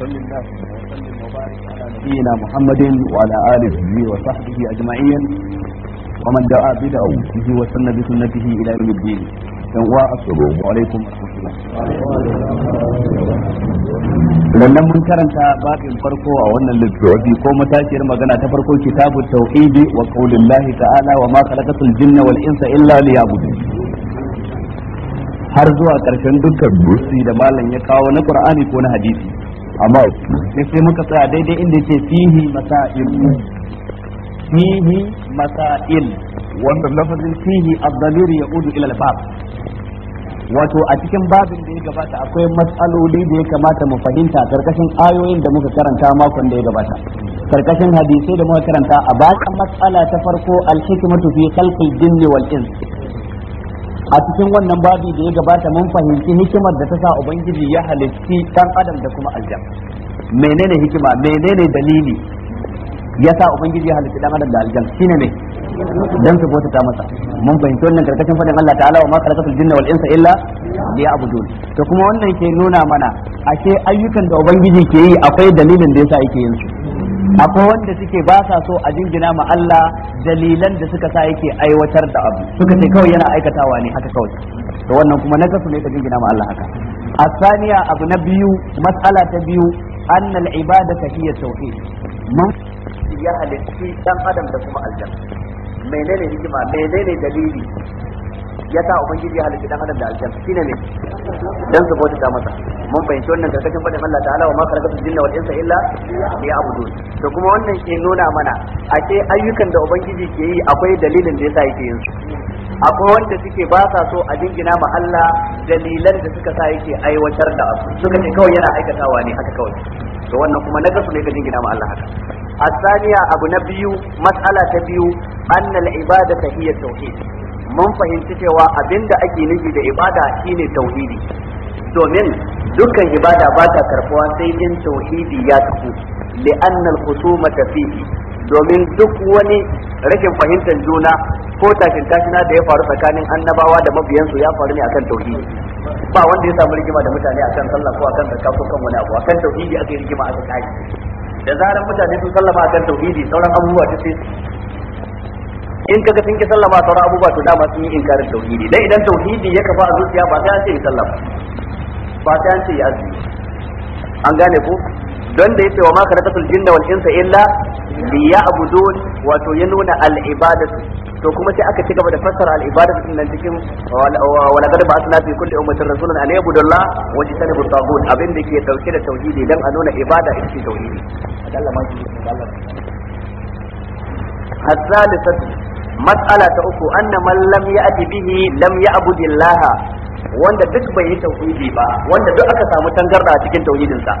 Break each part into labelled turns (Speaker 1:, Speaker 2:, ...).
Speaker 1: وصل وسلم وبارك على نبينا محمد وعلى اله وصحبه اجمعين ومن دعا بدعوته وسن بسنته الى يوم الدين السلام عليكم ورحمه الله lannan mun karanta babin farko a wannan littafi ko matashiyar magana ta farko kitabut tauhidi wa qaulillahi ta'ala wa ma khalaqatul jinna wal insa illa liya'budun har zuwa ƙarshen dukkan bursi da malam ya kawo na qur'ani ko na hadisi amma sai sai muka tsaya daidai inda yake fihi masail fihi masail wanda lafazin fihi ad ila wato a cikin babin da ya gabata akwai matsaloli da ya kamata mu fahimta karkashin ayoyin da muka karanta makon da ya gabata karkashin hadisai da muka karanta a bakin matsala ta farko alhikmatu fi khalqil jinni wal ins a cikin wannan babi da ya gabata mun fahimci hikimar da ta sa ubangiji ya halitti dan adam da kuma aljan menene hikima menene dalili ya sa ubangiji ya halitti dan adam da aljan shine ne dan su bota ta masa mun fahimci wannan karkashin fadin Allah ta'ala wa ma khalaqatul jinna wal insa illa liya'budun to kuma wannan ke nuna mana ashe ayyukan da ubangiji ke yi akwai dalilin da yasa yake yin su akwai wanda suke ba sa so a jingina ma Allah dalilan da suka sa yake aiwatar da abu suka ce kawai yana aikatawa ne haka kawai to wannan kuma na kasu ne ka jingina ma Allah haka asaniya abu na biyu mas'ala ta biyu annal al-ibadata hiya tauhid mun ya halitti dan adam da kuma aljanna menene hikima menene dalili ya sa ubangiji ya halitta dan adam da aljan shine ne dan su bauta masa mun fahimci wannan karkashin fadin Allah ta'ala wa ma khalaqatul jinna wal insa illa liya'budun to kuma wannan ke nuna mana a ake ayyukan da ubangiji ke yi akwai dalilin da yasa yake yin su akwai wanda suke ba sa so a jingina ma Allah dalilan da suka sa yake aiwatar da Su suka ce kawai yana aikatawa ne haka kawai to wannan kuma na nagasu ne ka jingina ma Allah haka الثانية أبو نبيو مسألة تبيو أن العبادة هي التوحيد mun fahimci cewa abinda ake nufi da ibada shine tauhidi domin dukkan ibada ba ta karbuwa sai in tauhidi ya tafi li'annal khusuma fihi domin duk wani rashin fahimtar juna ko tashin tashina da ya faru tsakanin annabawa da mabiyansu ya faru ne akan tauhidi ba wanda ya samu rigima da mutane akan sallah ko akan zakka ko kan wani abu akan tauhidi aka yi rigima a tsakani da zarar mutane sun sallama akan tauhidi sauran abubuwa duk sai in kaga sun ki sallama sauran abubuwa to dama sun yi inkarin tauhidi dan idan tauhidi ya kafa a zuciya ba sai an ce sallama ba sai an ce ya azumi an gane ko don da yace wa ma khalaqatul jinna wal insa illa liya'budun wato ya nuna al ibadatu to kuma sai aka ci gaba da fassara al ibadatu din nan cikin wala gad ba asna fi kulli ummatin rasulun an ya'budullah wa yajtanibu tagut abin da ke dauke da tauhidi dan a nuna ibada ita ce tauhidi Allah ma shi Allah hatta lisatu Matsala ta uku anna man lam ya'ti bihi lam ya'budillaha wanda duk bai yi tauhidi ba wanda duk aka samu tangarda cikin tauhidin sa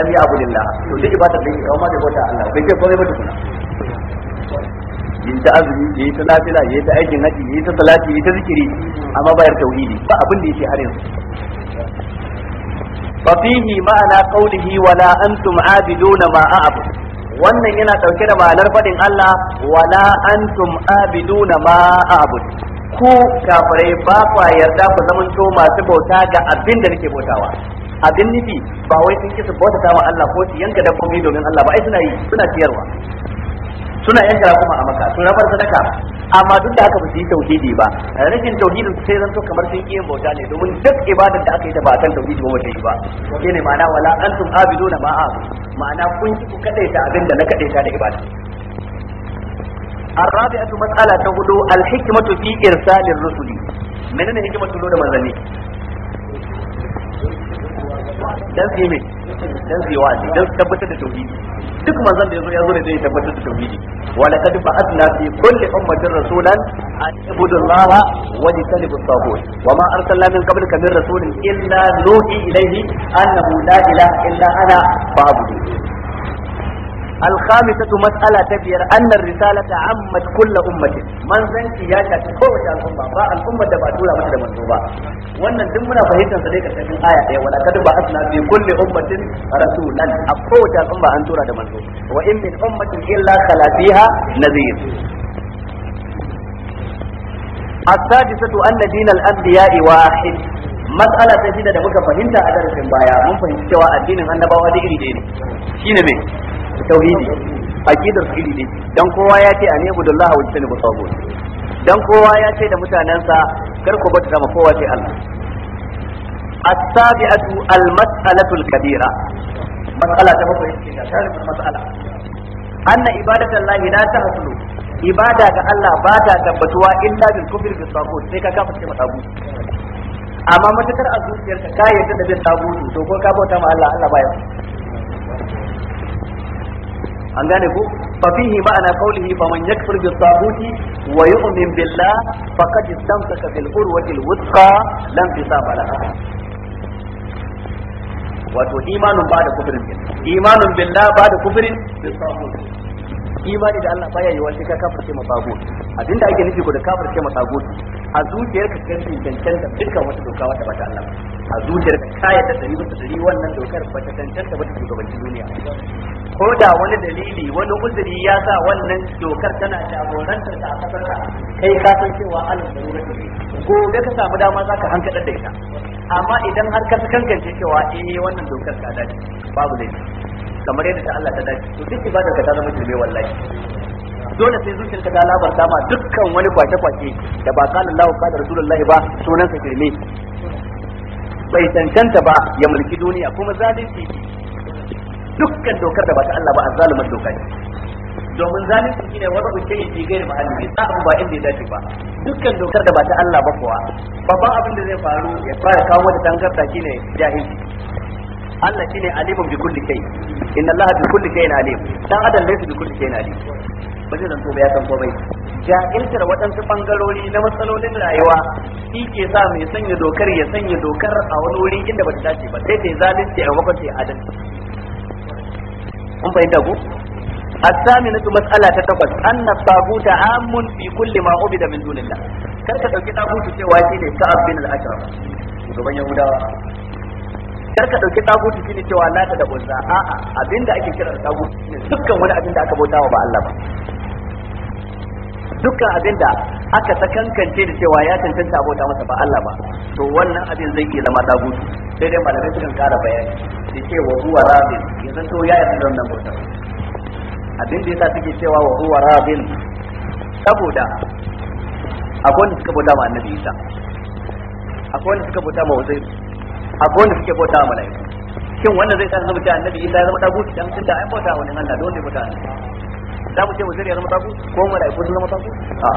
Speaker 1: lam ya'budillaha to duk ibada da yake amma da bauta Allah bai ce komai ba tukuna yin ta azumi yayi ta lafiya yayi ta aikin haji yi ta salati ya yi ta zikiri amma bayar tauhidi ba abin da yake har yanzu ففيه معنى قوله ولا أنتم عابدون ما أعبد wannan yana ɗauke da ma'anar faɗin Allah wala antum abiduna ma a'bud ku kafirai ba kwa yarda ku zamanto masu bauta ga abin da nake bautawa abin nufi ba wai sun kisa bauta ma Allah ko su yanka dabbobi domin Allah ba ai suna yi suna ciyarwa suna yan kuma a maka to rabar sadaka amma duk da haka ba su yi tauhidi ba rashin tauhidin sai zan to kamar sun iya bauta ne domin duk ibadar da aka yi ta ba kan tauhidi ba wata yi ba shi ne ma'ana wala antum abidu na ma'a ma'ana kun ki ku ta abin da na ta da ibada الرابعة مسألة تقول الحكمة في إرسال الرسل من الحكمة تقول da ذلك dan su yi mai dan su yi wa'azi dan su tabbatar da tauhidi duk manzon da yazo zo ne zai tabbatar da tauhidi wa laqad ba'athna fi kulli ummatin rasulan an ibudu allaha wa yajtanibu at-taghut wa ma arsalna min qablika min rasulin illa nuhi ilayhi annahu la ilaha illa ana fa'budu الخامسة مسألة تبير أن الرسالة عمت كل أمة من زنتي يا شاكي قوة الأمة باء الأمة دبا دولا مجد منذوبا وأن دمنا فهيتا صديقة شاكين آية دي ولا تدبا أسنا في كل أمة رسولا قوة الأمة أن تورا دمنذوب وإن من أمة إلا خلا فيها نذير السادسة أن دين الأنبياء واحد matsala ta shida da muka fahimta a darasin baya mun fahimci cewa addinin annabawa da iri ɗaya ne shine me tauhidi aqidar su iri ne dan kowa ya ce ani budullah wa jitani bu sabu dan kowa ya ce da mutanansa kar ku bauta ma kowa sai Allah as-sabi'atu al-mas'alatu al-kabira mas'ala ta bakwai ce ta tarihin mas'ala anna ibadatan lahi la tahsulu ibada ga Allah ba ta tabbatuwa illa bil kufri bis sabu sai ka kafa ce masabu amma matakar a zuciyarka ka yarda da bin sabu to ko ka bauta ma Allah Allah ba ya an gane ku fa fihi ma'ana qawlihi man yakfur bi taguti wa yu'min billah faqad istamsaka bil urwati al wuthqa lam tisaba laha wato imanun ba da kufirin imanun billah ba da kufirin bi taguti imani da Allah baya yi wani ka kafirce ma tagut abinda ake nufi ko da kafirce ma tagut a zuciyar ka kan cancanta dukkan wata doka wata bata Allah a zuciyar ka ta da dari bisa dari wannan dokar bata cancanta bata shugabanci duniya ko da wani dalili wani uzuri ya sa wannan dokar tana jagorantar ta a kasar ka kai ka san cewa alal darura ne gobe ka samu dama za ka hankadar da ita amma idan har ka kankance cewa eh wannan dokar ka dace babu laifi kamar yadda ta Allah ta dace to duk ibadar ka ta zama jirbe wallahi dole sai zuciyarka ta labarta ma dukkan wani kwace-kwace da ba kana Allah ka da Rasulullahi ba sunan sa bai cancanta ba ya mulki duniya kuma zalunci dukkan dokar da ba ta Allah ba a azzaluman doka ne domin zalunci shine wani uke yi ke gairi mahalli bai tsafin ba inda ya dace ba dukkan dokar da ba ta Allah ba kuwa babban abin da zai faru ya fara kawo wata tangarda shine jahilci Allah shine alimun bi kulli kai inna Allah bi kulli kai alim dan adam ne bi kulli kai alim ba zai zanto ba ya san komai jahiltar waɗansu bangarori na matsalolin rayuwa shi ke sa mai sanya dokar ya sanya dokar a wani wuri inda ba ta dace ba sai ta zalunci a wakwace adalci kun fahimta ko as-saminatu mas'ala ta takwas anna taguta amun fi kulli ma ubida min dunillah kar ka dauki tagutu cewa shine ka'ab bin al-ashraf shugaban yahudawa kar ka dauki tagutu shine cewa lata da uzza a'a abinda ake kira da shine dukkan wani abinda aka bautawa ba Allah ba dukkan abinda aka sakankance da cewa ya tantance abota masa ba Allah ba to wannan abin zai iya zama tagutu sai dai malamai sukan kara bayani da ce wa huwa rabin ya to ya yi da wannan bauta abin da yasa suke cewa wa huwa rabin saboda akwai wanda suka bauta ma annabi Isa akwai wanda suka bauta ma Uzair akwai wanda suke bauta ma mala'iku shin wannan zai sa zama annabi Isa ya zama daguti dan tunda ai bauta wani Allah don ne bauta annabi za mu ce Uzair ya zama daguti ko mala'iku sun zama daguti a'a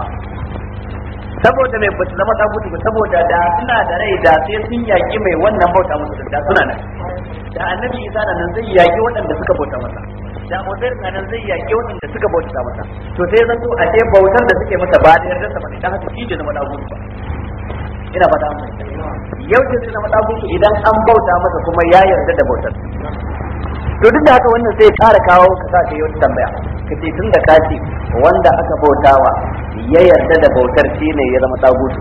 Speaker 1: saboda mai ba zama tagutu ba saboda da suna da rai da sai sun yaƙi mai wannan bauta musu da suna nan da annabi isa na nan zai yaƙi waɗanda suka bauta masa da uzair na nan zai yaƙi waɗanda suka bauta masa to sai zan so a ce bautar da suke masa ba da yarda sa bane dan haka shi da zama mutu ba ina fata an yau ce zai zama tagutu idan an bauta masa kuma ya yarda da bautar to duk da haka wannan sai ya ƙara kawo ka sa ka yi wata tambaya ka ce tun da ka ce wanda aka bautawa ya yarda da bautar shi ne ya zama tagutu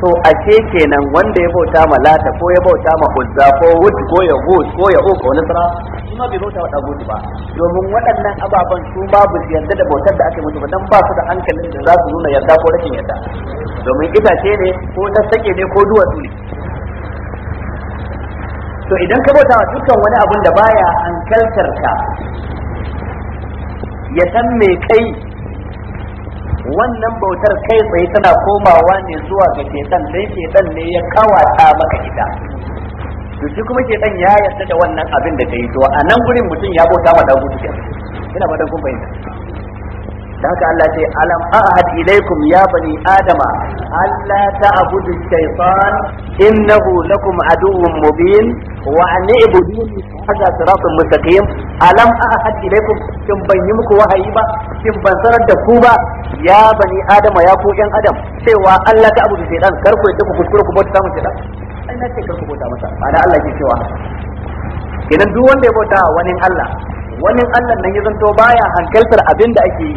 Speaker 1: to a ashe kenan wanda ya bauta ma lata ko ya bauta ma uzza ko wud ko ya hud ko ya uku wani sara shi ma bai bauta wa tagutu ba domin waɗannan ababen su ma ba su yarda da bautar da aka mutu ba dan ba su da hankalin da za su nuna yarda ko rashin yarda domin itace ne ko ta sake ne ko duwatsu ne to idan ka bauta wa dukkan wani abun da baya an kaltarka ya san me kai wannan bautar kai tsaye tana komawa ne zuwa ga shedan dai shedan ne ya kawata maka ita to shi kuma shedan ya yarda da wannan abin da ta yi to a nan gurin mutum ya bauta ma dagu kenan ina ba dan da haka Allah ce alam ahad ilaikum ya bani adama alla ta'budu shaytan innahu lakum aduwwun mubin wa an ibuduni hadha siratun mustaqim alam ahad ilaikum kin ban yi muku wahayi ba kin ban sanar da ku ba ya bani adama ya ku yan adam cewa Allah ta'budu shaytan kar ku yadda ku kuskure ku bauta mu shaytan ai na ce kar ku bauta masa ana Allah ke cewa Idan duk wanda ya bauta wani Allah wani Allah nan ya zanto baya hankaltar abin da ake yi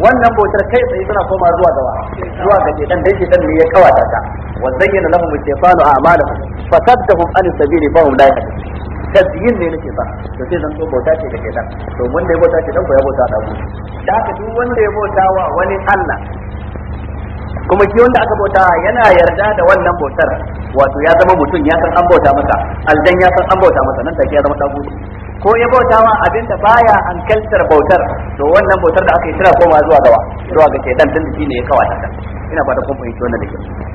Speaker 1: wannan bautar kai tsaye suna koma zuwa gaba zuwa ga shedan dai shedan ne ya kawata ta wa zayyana lahum shaytanu fa fasaddahum an sabili fa hum la yahtadun tasbihin ne nake ba to sai zanto bauta ce da ke dan to wanda ya bauta ce dan ko ya bauta da ku da haka duk wanda ya bauta wa wani Allah kuma shi wanda aka bauta yana yarda da wannan bautar wato ya zama mutum ya san an bauta masa aljan ya san an bauta masa nan take ya zama dagu ko ya bautawa abin da baya an kaltar bautar to wannan bautar da aka yi tana koma zuwa gawa zuwa ga shaidan din da shine ya kawata ta ina ba da kun fahimci wannan da kyau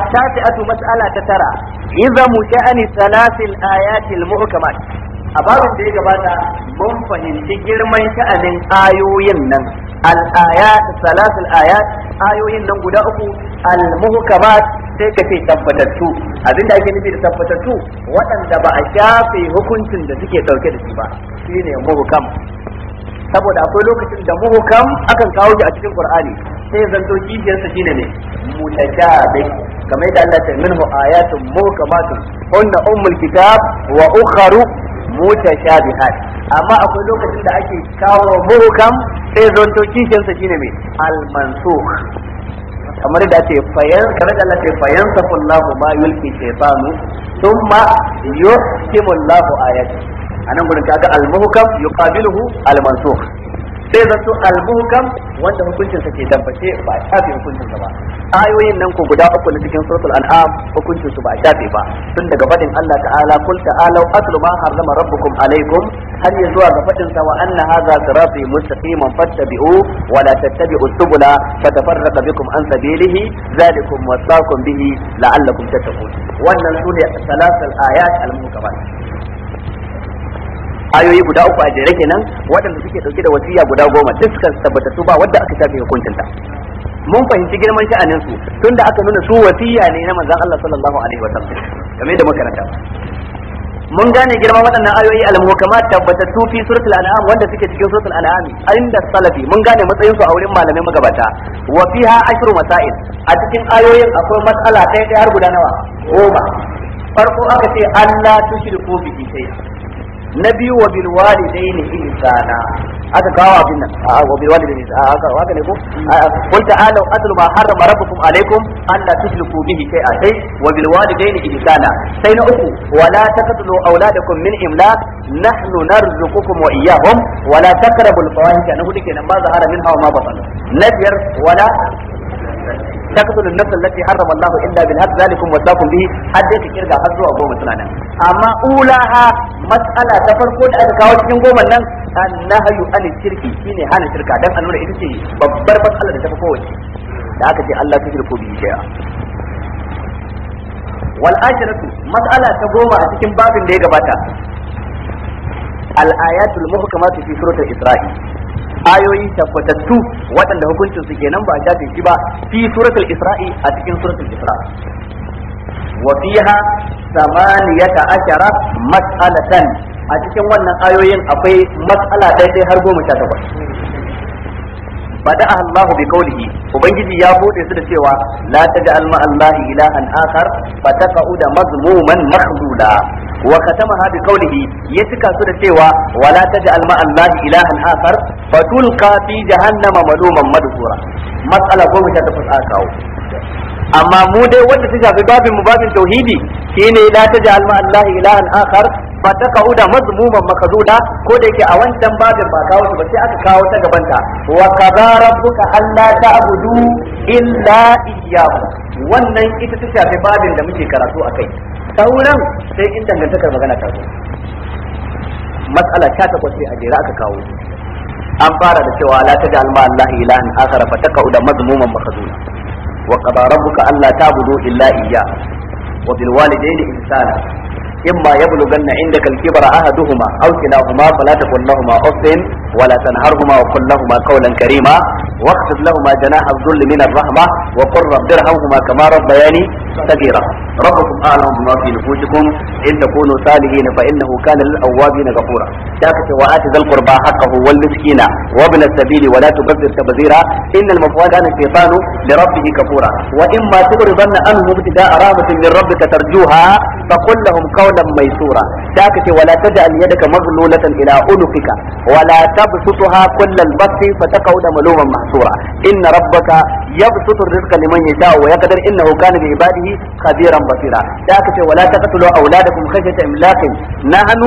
Speaker 1: التاسعة مسألة ترى إذا مشأن ثلاث الآيات المحكمات a babin da ya gabata mun fahimci girman sha'anin ayoyin nan al-ayat salasul ayat ayoyin nan guda uku al-muhkamat sai ka ce tabbatattu abin da ake nufi da tabbatattu waɗanda ba a shafe hukuncin da suke ɗauke da shi ba shine muhukam saboda akwai lokacin da muhukam akan kawo shi a cikin qur'ani sai zanto kishiyarsa shi ne mutajabi kamar yadda Allah ta minhu ayatun muhkamatun hunna ummul kitab wa ukharu mutashabihat amma akwai lokacin da ake kawo muhukam sai zanto kishiyarsa shi ne al-mansukh kamar da ce fayan kamar da Allah ce fayan safullahu ma yulki shaytanu thumma yuhkimu Allahu ayati anan gurin kaga al-muhkam yuqabiluhu al-mansukh sai zato al-muhkam wanda hukuncin sa ke tabbace ba shafe hukuncin sa ba ayoyin nan ko guda uku na cikin suratul an'am hukuncin su ba shafe ba tun daga fadin Allah ta'ala kul ta'alu atlu ma harrama rabbukum alaikum har ya zuwa ga fadin sa wa anna hadha sirati mustaqiman fattabi'u wa la tattabi'u subula fatafarraqa bikum an sabilihi zalikum wasaqum bihi la'allakum tattaqun wannan sune salasal ayat al-muhkamat ayoyi guda uku a jere kenan waɗanda suke dauke da wasiya guda goma duk tabbata su ba wadda aka shafe hukuncin mun fahimci girman sha'anin su tunda aka nuna su wasiya ne na manzon Allah sallallahu alaihi wasallam game da makaranta mun gane girman waɗannan ayoyi al tabbata su fi suratul an'am wanda suke cikin suratul an'am inda salafi mun gane matsayin su a wurin malamai magabata wa fiha ashru masail a cikin ayoyin akwai matsala ɗaya ɗaya har guda nawa goma farko aka ce Allah tushriku bihi shay'a na biyu wa bil walidaini ihsana aka kawo abin nan wa bil walidaini aka waka ne ko qul ta'alu atlu ma harrama rabbukum alaykum an la tushriku bihi shay'a sai wa bil walidaini ihsana sai na uku wa la taqtulu awladakum min imlaq nahnu narzuqukum wa iyyahum wa la taqrabul fawahisha na hudu kenan ma zahara min hawa ma batal na biyar wala تقتل النفس التي حرم الله الا بالحق ذلكم وصاكم به حد يكرga har zuwa goma suna nan amma ulaha masala ta farko da aka kawo cikin goma nan annahyu anil shirki shine hana shirka dan a nuna ita ce babbar matsala da ta fi kowace da aka ce Allah tushriku bihi ya wal ashiratu mas'ala ta goma a cikin babin da ya gabata al ayatul muhkamatu fi suratul isra'i ayoyi tabbatattu waɗanda hukuncin su kenan ba a shafe shi ba fi suratul isra'i a cikin suratul isra wa fiha samaniyata ashara mas'alatan a cikin wannan ayoyin akwai mas'ala daidai har goma sha takwas بدأها الله بقوله وبنجي يا بود يسد سوى لا تجعل مع الله إلها آخر فتقعد مذموما مخذولا وختمها بقوله يتكا سد سوى ولا تجعل مع الله إلها آخر فتلقى في جهنم ملوما مدحورا مسألة قوم شاتفت آكاو amma mu dai wanda ta shafi babin mu babin tauhidi shine la taj'al ma Allah ilahan akhar fa takauda mazmuman makazuda ko da yake a wancan babin ba kawo shi ba sai aka kawo ta gaban ta wa qadara rabbuka alla ta'budu illa iyyahu wannan ita ta shafi babin da muke karatu akai sauran sai in dangantakar magana ta zo mas'ala ta ta kwace a jera aka kawo an fara da cewa la taj'al ma Allah ilahan akhar fa ta takauda mazmuman makazuda وقضى ربك ألا تعبدوا إلا إياه وبالوالدين إحسانا إما يبلغن عندك الكبر أحدهما أو كلاهما فلا تقل لهما أف ولا تنهرهما وقل لهما قولا كريما واخفض لهما جناح الذل من الرحمة وقل رب ارحمهما كما ربياني صغيرا ربكم أعلم بما في نفوسكم إن تكونوا صالحين فإنه كان للأوابين غفورا ذاك وآت ذا القربى حقه والمسكين وابن السبيل ولا تبذر تبذيرا إن المفعول كان الشيطان لربه كفورا وإما تغرضن عنهم ابتداء رحمة من ربك ترجوها فقل لهم قولا قولا ميسورا تاكت ولا تجعل يدك مغلولة إلى أنفك ولا تبسطها كل البسط فتقعد ملوما محصورا إن ربك يبسط الرزق لمن يشاء ويقدر إنه كان بعباده خبيرا بصيرا تاكت ولا تقتلوا أولادكم خشية إملاق نحن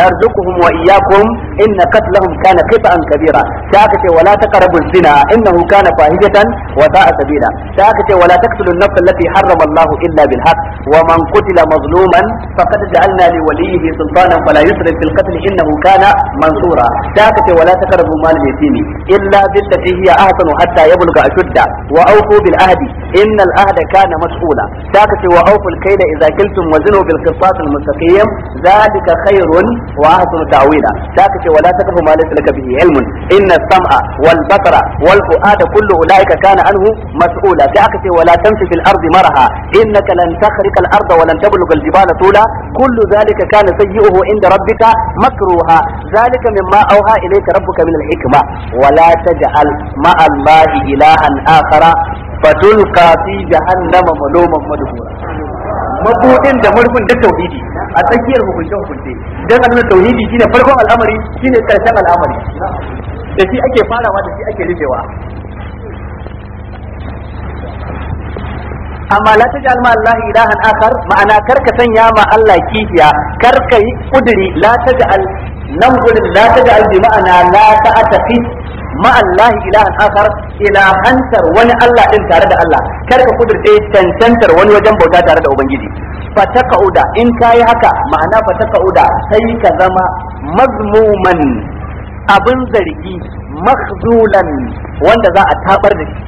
Speaker 1: نرزقهم وإياكم إن قتلهم كان قطعا كبيرا تاكت ولا تقربوا الزنا إنه كان فاهجة وساء سبيلا تاكت ولا تقتلوا النفس التي حرم الله إلا بالحق ومن قتل مظلوما فقد جعلنا لوليه سلطانا فلا يسرف في القتل انه كان منصورا تاكت ولا تقربوا مال اليتيم الا بالتي هي احسن حتى يبلغ اشده واوفوا بالعهد ان العهد كان مسؤولا تاكت واوفوا الكيل اذا كلتم وزنوا بالقصاص المستقيم ذلك خير واحسن تعويلا تاكت ولا تقربوا ما ليس لك به علم ان السمع والبقر والفؤاد كل اولئك كان عنه مسؤولا تاكت ولا تمشي في الارض مرها انك لن تخرق الارض ولن تبلغ الجبال طولا kullu zalika kana sayyi'uhu inda rabbika makruha zalika mimma auha ilayka rabbuka min al-hikma wala taj'al ma'a allahi ilahan akhara fatulqa fi jahannama maluman madhura da murfin da tauhidi a tsakiyar hukunce hukunce dan annabi tauhidi ne farkon al'amari ne karshen al'amari da shi ake farawa da shi ake rufewa amma la taj'al ma Allah ilahan akhar ma'ana ka sanya ma Allah kifiya karka yi kuduri la taj'al nan gudun la taj'al bi ma'ana la ta'tafi ma Allah ilahan akhar ilahantar wani Allah din tare da Allah ka kudirce tantantar wani wajen bauta tare da ubangiji fatakauda in kayi haka ma'ana fatakauda sai ka zama mazmuman abin zargi makhzulan wanda za a tabar da shi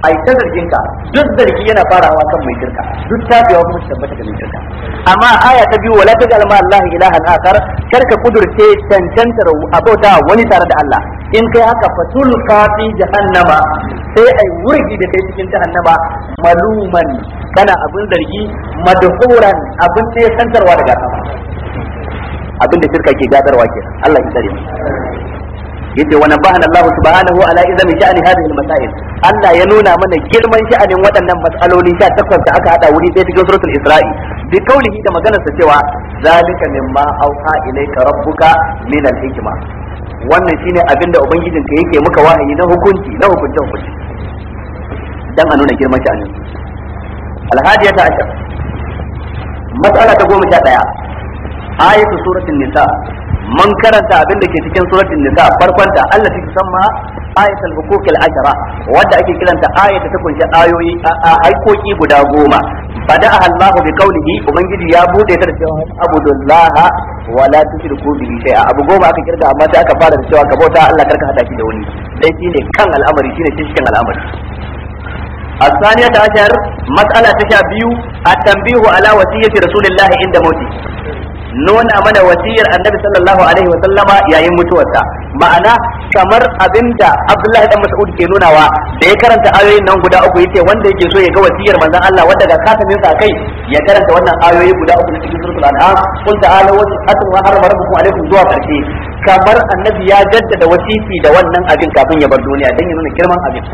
Speaker 1: a ta zargin ka duk zargi yana farawa kan mai shirka duk ta kuma wani tabbata ga mai shirka amma aya ta biyu wala tajal ma Allah ilahan akar kar ka kudurce tantantar abota wani tare da Allah in kai haka fatul qafi jahannama sai ai wurgi da kai cikin jahannama maluman kana abin zargi madhuran abin sai santarwa daga sama abin da shirka ke gadarwa ke Allah ya tsare mu yace wa nabahana Allah subhanahu ala izami sha'ani hadhihi al-masail Allah ya nuna mana girman sha'anin waɗannan matsaloli 18 da aka hada wuri ɗaya cikin suratul Isra'i bi kaulihi da maganar sa cewa zalika mimma auha ilayka rabbuka min al-hikma wannan shine abinda ubangijinka yake muka wahayi na hukunci na hukunce hukunci dan a nuna girman sha'anin alhadiyata ashar matsala ta goma sha ɗaya ayatu suratul nisa man karanta abin da ke cikin suratul nisa farkonta Allah ta samma ayatul hukukil ashara wanda ake kiranta ayata ta kunshi ayoyi aikoki guda goma bada Allah bi qawlihi ubangiji ya bude ta da cewa abudullah wa la tushriku bihi shay'a abu goma aka kirga amma sai aka fara da cewa ka bauta Allah karka hada shi da wani dai shine kan al'amari shine cikin al'amari الثانية عشر مسألة تشابيو التنبيه على وصية رسول الله عند موته nuna mana wasiyar annabi sallallahu alaihi wa sallama yayin mutuwarsa ma'ana kamar abinda abdullahi dan mas'ud ke nunawa da ya karanta ayoyin nan guda uku yace wanda yake so ya ga wasiyar manzon Allah wanda ga kasamin sa kai ya karanta wannan ayoyi guda uku na cikin suratul an'am qul ta'ala wa atlu ma rabbukum alaikum zuwa karshe kamar annabi ya jaddada wasifi da wannan abin kafin ya bar duniya dan ya nuna girman abin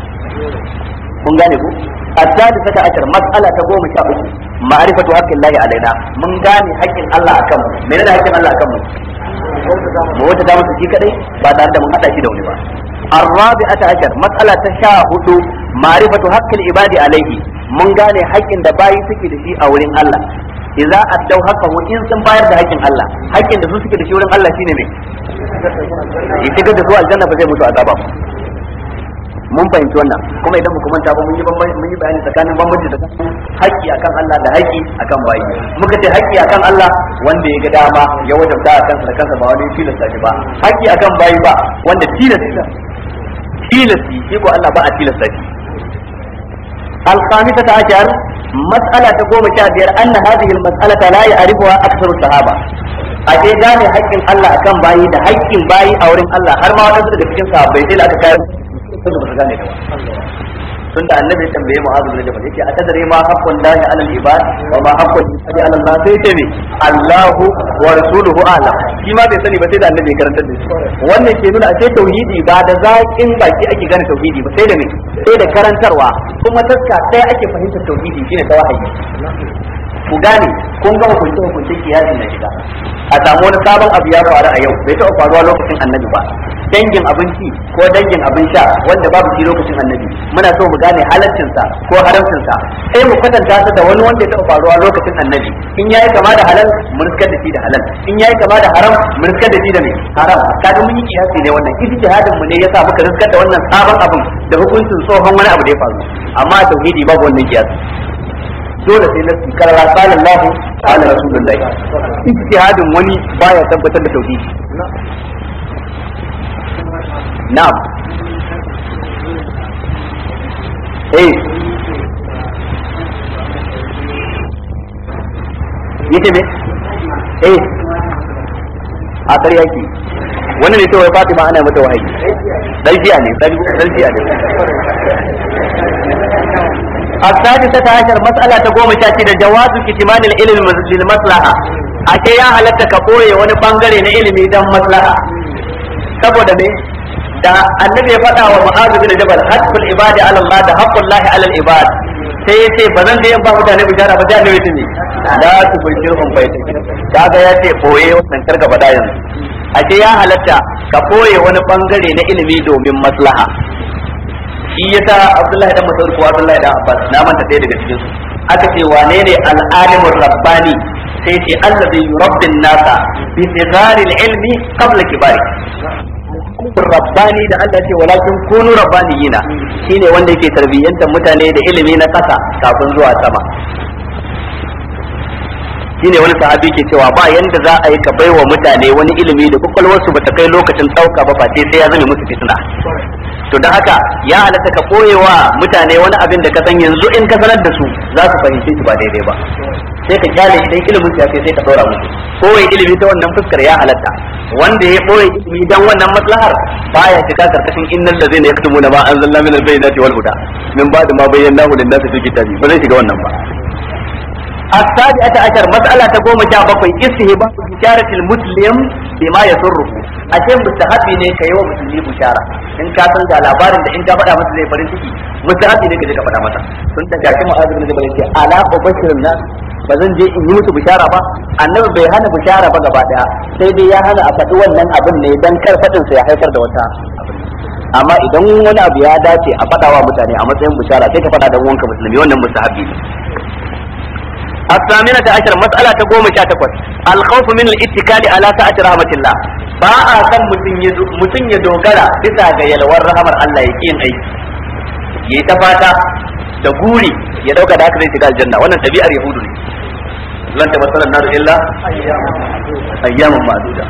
Speaker 1: kun gane ku saka السادسة عشر مسألة تقوم شابك معرفة حق الله alaina. Mun gane حق Allah akan mu menene haƙƙin Allah akan mu mu wata da musu shi kadai ba tare da mun hada shi da wani ba الرابعة ta sha hudu. معرفة حق ibadi alaihi. mun gane haƙƙin da bayi suke da shi a wurin Allah idza addau haqqahu in sun bayar da haƙƙin Allah haƙƙin da su suke da shi wurin Allah shine ne? ya shiga da su aljanna ba zai mutu azaba ba mun fahimci wannan kuma idan muka manta ba mun yi bayani tsakanin bambanci da haƙƙi akan Allah da haƙƙi akan bayi muka ce haƙƙi akan Allah wanda ya ga dama ya wajabta a kansa da kansa ba wani tilasta shi ba haƙƙi akan bayi ba wanda tilasta tilasti shi ko Allah ba a tilasta shi الخامسة عشر مسألة تقوم شابير أن هذه المسألة لا يعرفها أكثر الصحابة أتي جاني حق الله أكم باي ده حق باي أورين الله هرما ودرد في كنسا بيتي لأتكار wanda ba su gane da ba tunda annabi ya tambaye mu bin jabal yake tadare ma haƙƙon lahi alal ibad wa ma haƙƙon lahi alal nas sai ce ne Allahu wa rasuluhu ala shi ma bai sani ba sai da annabi ya karanta da shi wannan ke nuna ashe tauhidi ba da zakin baki ake gane tauhidi ba sai da me sai da karantarwa kuma taska sai ake fahimtar tauhidi shine tawahi ku gane kun ga hukunce hukunce kiyasi na gida. a samu wani sabon abu ya faru a yau bai taɓa faruwa lokacin annabi ba dangin abinci ko dangin abin sha wanda babu shi lokacin annabi muna so mu gane halaccinsa ko haramcinsa sai mu kwatanta su da wani wanda ya taɓa faruwa lokacin annabi in yayi kama da halal mun riskar da shi da halal in yayi kama da haram mun riskar da shi da ne haram kaga mun yi kiyasi ne wannan jihadin mu ne ya sa muka riskar da wannan sabon abin da hukuncin tsohon wani abu da ya faru amma tauhidi babu wannan kiyasi dole sai nasi karara sallallahu ala rasulullahi ijtihadin wani baya tabbatar da tauhidi na'am eh yake ne eh
Speaker 2: a
Speaker 1: tsari yaki wannan ne cewa fatima ana mata wahayi ɗarfiya ne ɗarfiya ne السادسة عشر مسألة تقوم شاكدا جواز كتمان العلم للمصلحة أكي يا halatta ka ɓoye wani bangare na ilimi don دا saboda me da annabi ya faɗa wa mu'azu bin jabal haqqul ibadi ala Allah da haqqul lahi ala ibad sai yace ba zan da yan ba mutane bishara ba da annabi tuni la tu bishirhum bayti kaga ce ɓoye wannan karga bada yanzu ce ya halatta ka koye wani bangare na ilimi domin maslaha shi sa Abdullahi dan Mas'ud ko Abdullahi dan Abbas na manta ɗaya daga cikin su aka ce wane ne al rabbani sai ce allazi yurabbin nasa bi sigaril ilmi qabla kibari rabbani da Allah ce walakin kunu rabbaniyina shine wanda yake tarbiyyantar mutane da ilimi na kasa kafin zuwa sama shine wani sahabi ke cewa ba yanda za a yi ka baiwa mutane wani ilimi da kwakwalwarsu ba ta kai lokacin tsauka ba face sai ya zame musu fitina to da haka ya halatta ka wa mutane wani abin da ka san yanzu in ka sanar da su za su fahimci shi ba daidai ba sai ka kyale idan dan ilimin ya sai ka dora musu koyi ilimi ta wannan fuskar ya halatta wanda ya koyi ilimi dan wannan maslahar baya shiga karkashin innal ladzina yaktumuna ma anzalna minal bayyinati wal huda min ba'd ma bayyanahu lin-nasi fil kitabi ba zai shiga wannan ba السابعة عشر مسألة تقوم جاء بقي استهباء بشارة المسلم بما يسره أشياء مستحبي نيكا يوم مسلمي بشارة إن كاتن جاء لابارن إن جاء بقى مسلمي فرنسكي مستحبي نيكا جاء بقى مسا سنتا جاء كما آذر من جبل يسيا ألا أبشر الناس ba zan je in yi musu bishara ba annabi bai hana bishara ba gaba daya sai dai ya hana a faɗi wannan abin ne dan kar faɗin sa ya haifar da wata amma idan wani abu ya dace a faɗa wa mutane a matsayin bishara sai ka faɗa dan wanka musulmi wannan musahabi ne الثامنة عشر مسألة تقوم شاتكوت الخوف من الاتكال على سعة رحمة الله باء كم متن يدوغلا بسا غيال ورحمة الله يكين أي يتفاتا تقولي يدوغ داك زي تقال الجنة وانا تبيع اليهود لي لن تبصل النار إلا أياما معدودة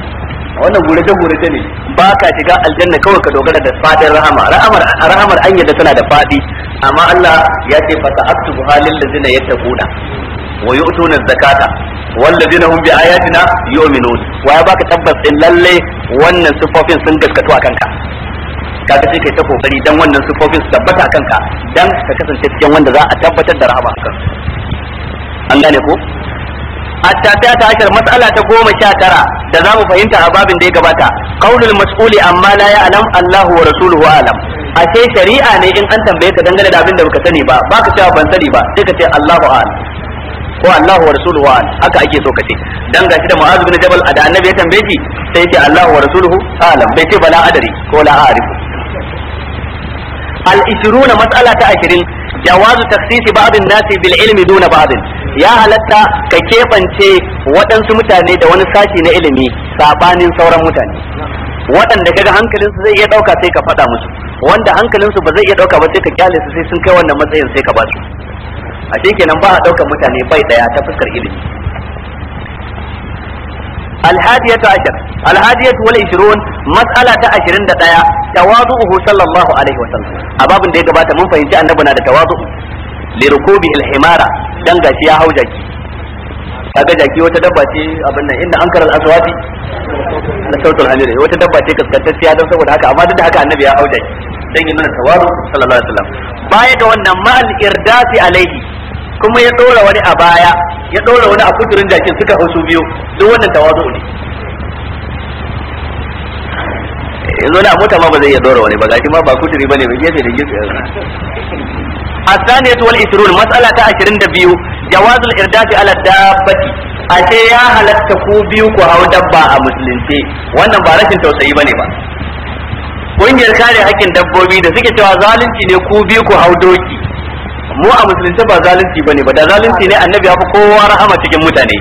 Speaker 1: wannan guraje guraje ne ba ka shiga aljanna kawai ka dogara da fadin rahama rahamar rahamar anya da tana da fadi amma Allah ya ce fa ta'aktubu halil ladzina yattaquna wa yu'tuna zakata walladina hum bi ayatina yu'minun wa ya baka tabbas din lalle wannan sifofin sun gaskatu a kanka kaga sai kai ta kokari dan wannan sifofin su tabbata a kanka dan ka kasance cikin wanda za a tabbatar da rahama a an gane ko التاسعة عشر مسألة قوم شاترة دزام فهمت أباب دي قباتا قول المسؤول أما لا يعلم الله ورسوله أعلم أشي شريعة ne in an tambaye ka dangane da abin da baka sani ba baka cewa ban sani ba sai ce Allahu ko Allahu wa rasuluhu an haka ake so kace dan gashi da Mu'adh bin Jabal da annabi ya tambaye shi sai ce Allahu wa rasuluhu alam bai ce bala adari ko la a'rifu al 20 mas'ala ta 20 jawazu takhsisi ba'd an-nasi bil ilmi duna ba'd ya halatta ka kebance waɗansu mutane da wani sashi na ilimi sabanin sauran mutane waɗanda kaga hankalinsu zai iya ɗauka sai ka faɗa musu wanda hankalinsu ba zai iya ɗauka ba sai ka kyale su sai sun kai wannan matsayin sai ka ba su a kenan ba a ɗaukar mutane bai ɗaya ta fuskar ilimi الهادية عشر الهادية والعشرون مسألة عشرين دقايا تواضعه صلى الله عليه وسلم أباب دي قبات من فإن شاء نبنا تواضع لركوب الحمارة دنجا شيا هو جاكي kaga jaki wata dabba ce abin nan inda an karal na sautul hamir wata dabba ce kaskantacciya don saboda haka amma duk da haka annabi ya hau jaki dan yi nuna tawadu sallallahu alaihi wasallam baya da wannan ma'al irdasi alaihi kuma ya ɗora wani a baya ya ɗora wani a kudurin jakin suka hau su biyu duk wannan tawazu ne yanzu na mota ma ba zai iya ɗora wani ba gashi ma ba kuduri bane ba gefe da gefe الثانية والعشرون مسألة عشرين دبيو جواز الإرداف على الدابة ashe ya halatta ku biyu ku hau dabba a musulunci wannan ba rashin tausayi bane ba kungiyar kare hakkin dabbobi da suke cewa zalunci ne ku biyu ku hau doki mu a musulunci ba zalunci bane ba da zalunci ne annabi ya fi kowa rahama cikin mutane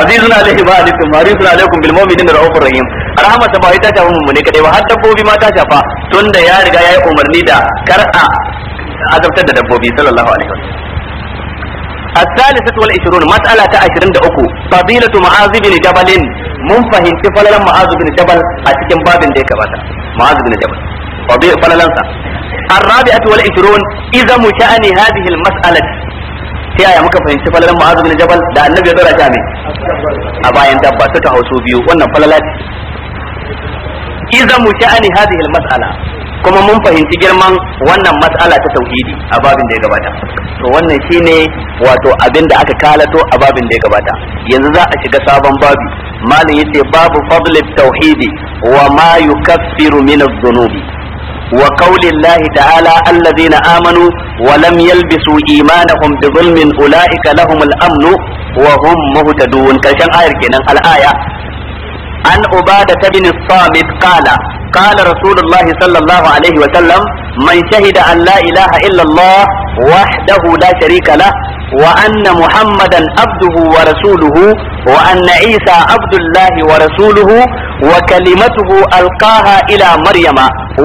Speaker 1: azizun alaihi wa alaikum harisun alaikum bil mu'minin raufur rahim rahama ta bai ta shafa ne kadai ba har dabbobi ma ta shafa tunda ya riga yayi umarni da kar'a azabtar da dabbobi sallallahu alaihi wasallam الثالثة والعشرون مسألة عشرين أكو فضيلة معاذ بن جبل من فهم فللا معاذ بن جبل babin باب ديك باتا معاذ بن جبل فضيلة فللا الرابعة والعشرون إذا شأن هذه المسألة ta yaya muka fahimci falalan mu'azu bin jabal da annabi ya zara jami a bayan dabba suka hauso biyu wannan falala ce iza kuma mun fahimci girman wannan mas'ala ta tauhidi a babin da ya gabata to wannan shine wato abin da aka kalato a babin da ya gabata yanzu za a shiga sabon babi malin yace babu fadlit tauhidi wa ma yukaffiru min adh-dhunubi وقول الله تعالى الذين آمنوا ولم يلبسوا إيمانهم بظلم أولئك لهم الأمن وهم مهتدون كالشان آية كنان الآية عن عبادة بن الصامت قال قال رسول الله صلى الله عليه وسلم من شهد أن لا إله إلا الله وحده لا شريك له وأن محمدا عبده ورسوله وأن عيسى عبد الله ورسوله وكلمته ألقاها إلى مريم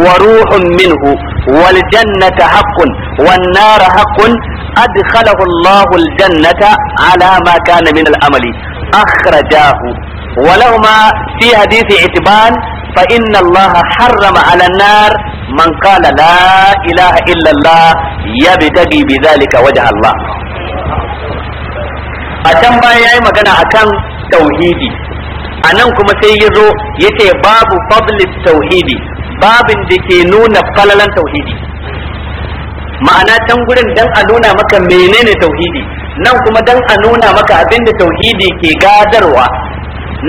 Speaker 1: وروح منه والجنة حق والنار حق أدخله الله الجنة على ما كان من الأمل أخرجاه ولهما في حديث عتبان فإن الله حرم على النار من قال لا إله إلا الله يبتغي بذلك وجه الله أتم بايا مغنى أكن توحيدي anan kuma sai ya zo ya ce babu fadlis tauhidi babin da ke nuna falalan tauhidi ma'ana can gurin dan a nuna maka menene tauhidi nan kuma dan a nuna maka abin da tauhidi ke gadarwa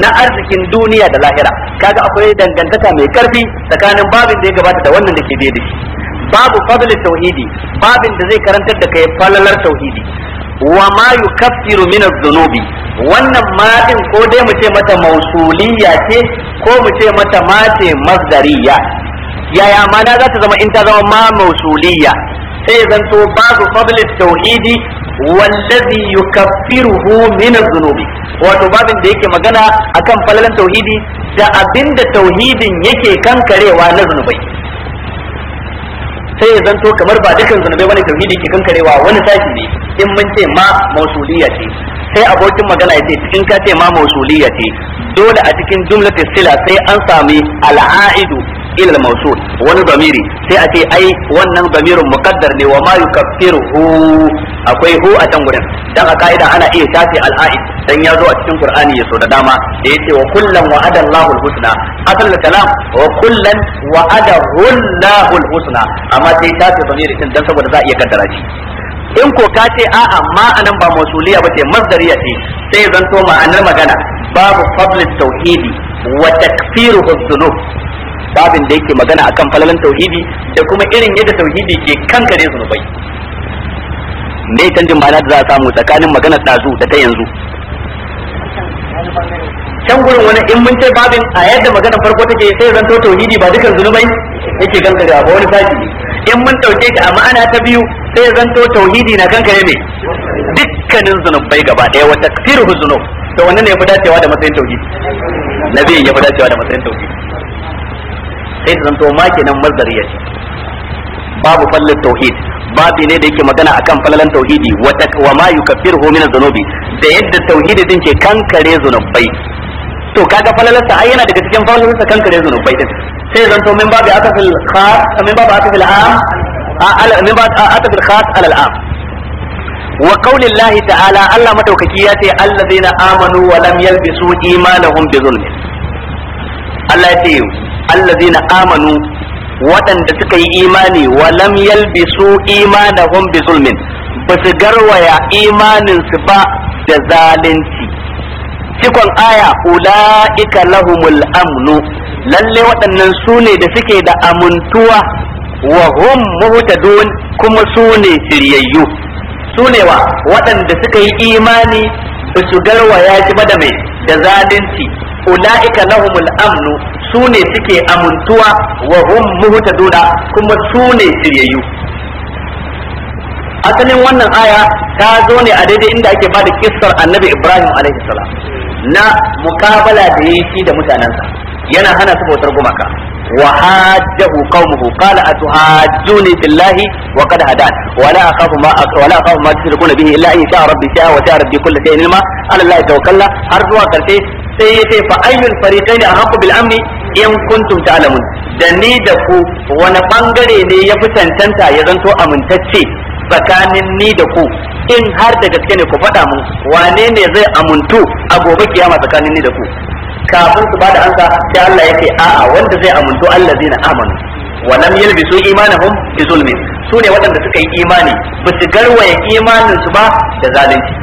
Speaker 1: na arzikin duniya da lahira kaga akwai dangantaka mai karfi tsakanin babin da ya gabata da wannan da ke daidai babu fadl tauhidi babin da zai karantar da kai falalar tauhidi wa ma yukaffiru min adh-dhunubi wannan ma ko dai mu ce mata mausuliyya ce ko mu ce mata mate mazariya. Yaya yaya mana za ta zama in ta zama ma mausuliyya sai zanto babu fadl tauhidi wallazi yukaffiruhu min adh wato babin da yake magana akan falalan tauhidi da abinda tauhidin yake kankarewa na zunubai sai ya zanto kamar ba dukan zunubai wani tauhidi ke kankarewa wani sashi ne in mun ce ma mausuliya ce sai abokin magana ya ce cikin ka ce ma mausuliya ce dole a cikin jumlatul sila sai an sami al'aidu ila al wani zamiri sai a ce ai wannan zamirin mukaddar ne wa ma yukaffiruhu akwai hu a can gurin dan a kaida ana iya tafi al-aid ya zo a cikin Kur'ani ya so da dama da yace wa kullan wa'ada Allahu al-husna asal kalam wa kullan wa'ada Allahu al-husna amma sai tafi zamiri din dan saboda za a iya kaddara shi in ko ka ce a'a ma'anan ba mausuliya ba ce masdariya ce sai zan zanto ma'anar magana babu fadlin tauhidi wa takfiru dhunub babin da yake magana akan falalan tauhidi da kuma irin yadda tauhidi ke kankare zunubai me canjin bana da za a samu tsakanin maganar ɗazu da ta yanzu can gurin wani in mun ce babin a yadda maganar farko take sai zanto tauhidi ba dukan zunubai yake kankare ba wani sashi in mun tauke ta a ma'ana ta biyu sai zanto tauhidi na kankare ne dukkanin zunubai gaba ɗaya wata takfiruhu zunub to wannan ne ya fi dacewa da matsayin tauhidi nabiyin ya fi dacewa da matsayin tauhidi sai ta zanto ma kenan mazdariya ce babu fallin tauhid babi ne da yake magana akan falalan tauhidi wa ma yukaffiruhu min dhunubi da yadda tauhidi din ke kankare zunubai to kaga sa ai yana daga cikin sa kankare zunubai din sai zan to min babu atafil khas min babu atafil am ala min babu atafil khas ala al-am wa qawli Allah ta'ala Allah madaukaki ya ce allazina amanu wa lam yalbisu imanahum bi zulmin Allah ya ce allazina amanu waɗanda suka yi imani wa lam yalbisu imanahum bi zulmin ba su garwaya imanin su ba da zalunci cikon aya ula'ika lahumul amnu lalle waɗannan sune da suke da amintuwa wa hum muhtadun kuma sune ne shiryayyu wa waɗanda suka yi imani ba su garwaya shi ba da mai da zalunci ulaika lahumul amnu su ne suke amintuwa wa hum muhtaduna kuma sune ne shiryayyu asalin wannan aya ta zo ne a daidai inda ake bada kissar annabi Ibrahim alaihi salam na mukabala da yayi shi da mutanansa yana hana su bautar gumaka وحاجه قومه قال أتحاجوني في الله وقد هدان ولا أخاف ما ولا أخاف ما تشركون به إلا أن شاء ربي شاء وشاء ربي كل شيء علما على الله توكلنا أرجو أن sayyace fa ayyul fariqaini ahqqu bil amni in kuntum ta'lamun dani da ku wani bangare ne yafi cancanta ya zanto amintacce tsakanin ni da ku in har da gaske ne ku faɗa min, wane ne zai amintu a gobe kiyama tsakanin ni da ku kafin su bada ansa sai Allah yake a'a wanda zai amuntu allazina amanu wa lam yalbisu imani bi zulmin su ne waɗanda suka yi imani ba su garwaye imanin su ba da zalunci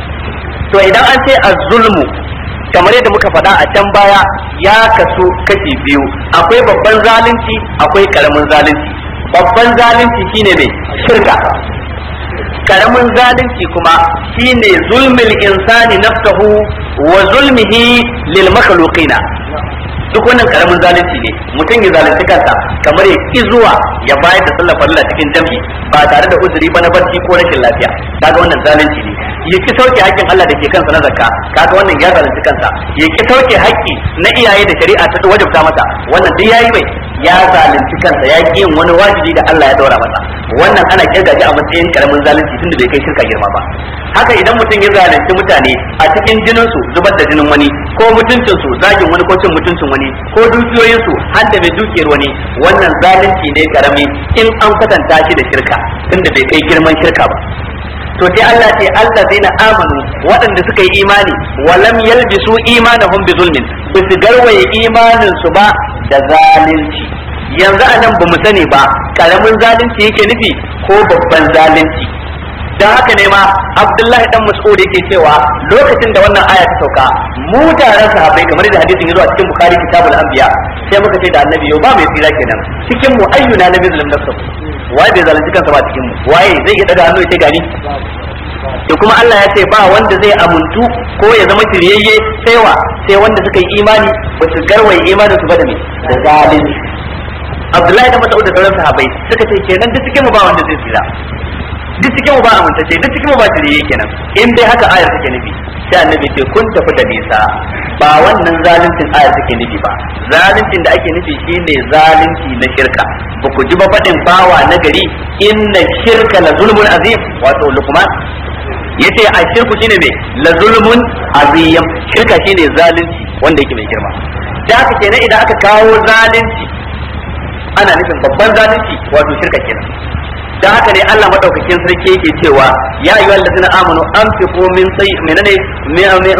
Speaker 1: to idan an ce az-zulmu kamar yadda muka faɗa a can baya ya kasu kashi biyu akwai babban zalunci akwai karamin zalunci babban zalunci shine mai shirka karamin zalunci kuma shine zulmil insani naftahu wa zulmihi lil makhluqina duk wannan karamin zalunci ne mutum ya zalunci kansa kamar ya zuwa ya bayar da sallafar farilla cikin jami'i ba tare da uzuri ba na barci ko rashin lafiya kaga wannan zalunci ne ya ki sauke haƙƙin Allah da ke kansa na zakka kaga wannan ya zalunci kansa ya ki sauke haƙƙi na iyaye da shari'a ta wajabta masa wannan duk yayi mai ya zalunci kansa ya ki yin wani wajibi da Allah ya daura masa wannan ana kirga a matsayin karamin zalunci tunda bai kai shirka girma ba haka idan mutum ya zalunci mutane a cikin jinin su zubar da jinin wani ko mutuncin su zagin wani ko cin mutuncin wani ko dukiyoyin su hanta mai dukiyar wani wannan zalunci ne karami in an kwatanta shi da shirka tunda bai kai girman shirka ba to sai Allah ce na amanu waɗanda suka yi imani walam yalbisu imanahum bi zulmin ba su garwaye imanin su ba da zalunci yanzu anan ba mu sani ba karamin zalunci yake nufi ko babban zalunci dan haka ne ma Abdullahi dan Mas'ud yake cewa lokacin da wannan aya ta sauka mu taron sahabbai kamar da hadisin yazo a cikin Bukhari kitabul anbiya sai muka ce da Annabi yau ba mai tsira kenan cikin mu ayyuna nabi zalim nafsu waye bai zalunci kansa ba cikin mu waye zai iya daga hannu ya ce gani to kuma Allah ya ce ba wanda zai amuntu ko ya zama shiryayye sai wa sai wanda suka yi imani ba su garwaye imanin su ba da me da zalunci Abdullahi da Mas'ud da sauran sahabbai suka ce kenan duk cikin mu ba wanda zai tsira duk cikin mu ba amintacce duk cikin mu ba shirye kenan in dai haka ayar take nufi sai annabi ce kun tafi da nisa ba wannan zaluncin ayar take nufi ba zaluncin da ake nufi shine zalunci na shirka ba ku ji ba fadin bawa na gari inna shirka la zulmun azim wato luqman yace a shirku shine me la zulmun azim shirka shine zalunci wanda yake mai girma da haka kenan idan aka kawo zalunci ana nufin babban zalunci wato shirka kenan da haka ne Allah madaukakin sarki yake cewa ya ayyuhal ladina amanu anfiqu min sayyi menene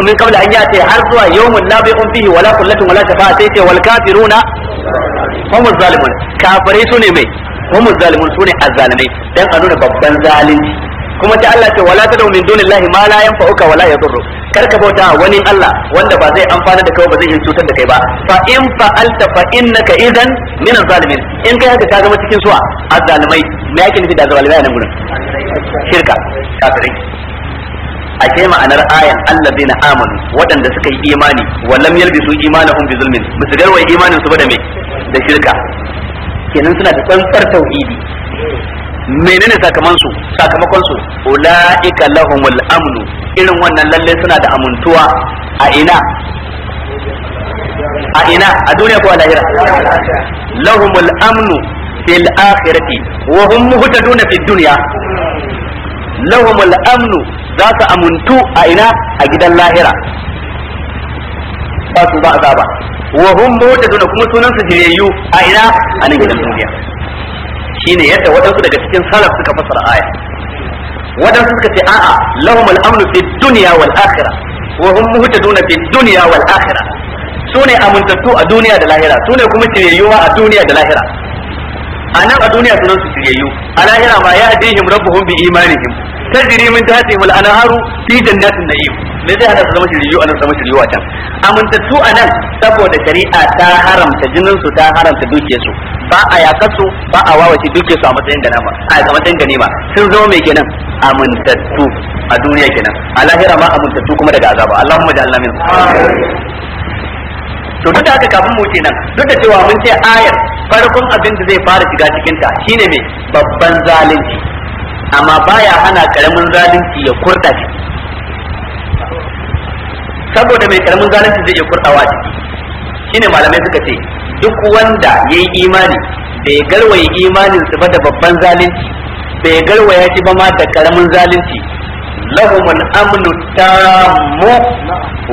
Speaker 1: min qabla an yati har zuwa yawmul la bai'un fihi wala qullatun wala shafa'a sai ce wal kafiruna hum zalimun kafirai sune mai hum zalimun sune azzalimai dan a nuna babban zalunci kuma ta Allah ce wala tadu min dunillahi ma la yanfa'uka wala yadurru kar ka bauta wani Allah wanda ba zai amfana da kai ba zai cutar da kai ba fa in fa'alta fa innaka idan min zalimin in kai haka ka zama cikin suwa azzalimai me yake nufi da zalimai nan gurin shirka kafirai ake ma'anar ayan allazina amanu waɗanda suka yi imani wa lam yalbisu imanahum bi zulmin musu garwa imanin su ba da me da shirka kenan suna da tsantsar tauhidi menene sakamansu sakamakon su ulaika lahumul amnu irin wannan lalle suna da amintuwa a ina a ina a duniya ko a lahira lahumul amnu fil akhirati wa hum muhtaduna fid dunya lahum al amnu za su amuntu a ina a gidan lahira ba su ba azaba wa hum muhtaduna kuma sunan su jireyyu a ina a gidan duniya shine yadda waɗansu daga cikin salaf suka fassara aya waɗansu suka ce a'a lahum al amnu fid dunya wal akhirah wa hum muhtaduna fid amintattu a duniya da lahira kuma a duniya da lahira a nan a duniya sunan su shiryayyu a lahira ma ya hadihim buhun bi imanihim tajri min tahtihim al-anharu fi jannatin na'im me zai hada su zama shiryayyu anan zama shiryayyu a can amintattu a nan saboda shari'a ta haramta jinin su ta haramta dukiyar su ba a yakar su ba a wawace dukiyar su a matsayin ganima a matsayin ganima sun zama mai kenan amintattu a duniya kenan a lahira ma amintattu kuma daga azaba Allahumma ja'alna min to duk da haka kafin mu kenan duk da cewa mun ce ayar farkon abin da zai fara shiga cikin ta shine mai babban zalunci amma baya hana karamin zalunci ya kurda shi saboda mai karamin zalunci zai iya kurdawa shi shine malamai suka ce duk wanda yayi imani bai garwaye imanin su ba da babban zalunci bai garwaya shi ba ma da karamin zalunci لهم al-amnu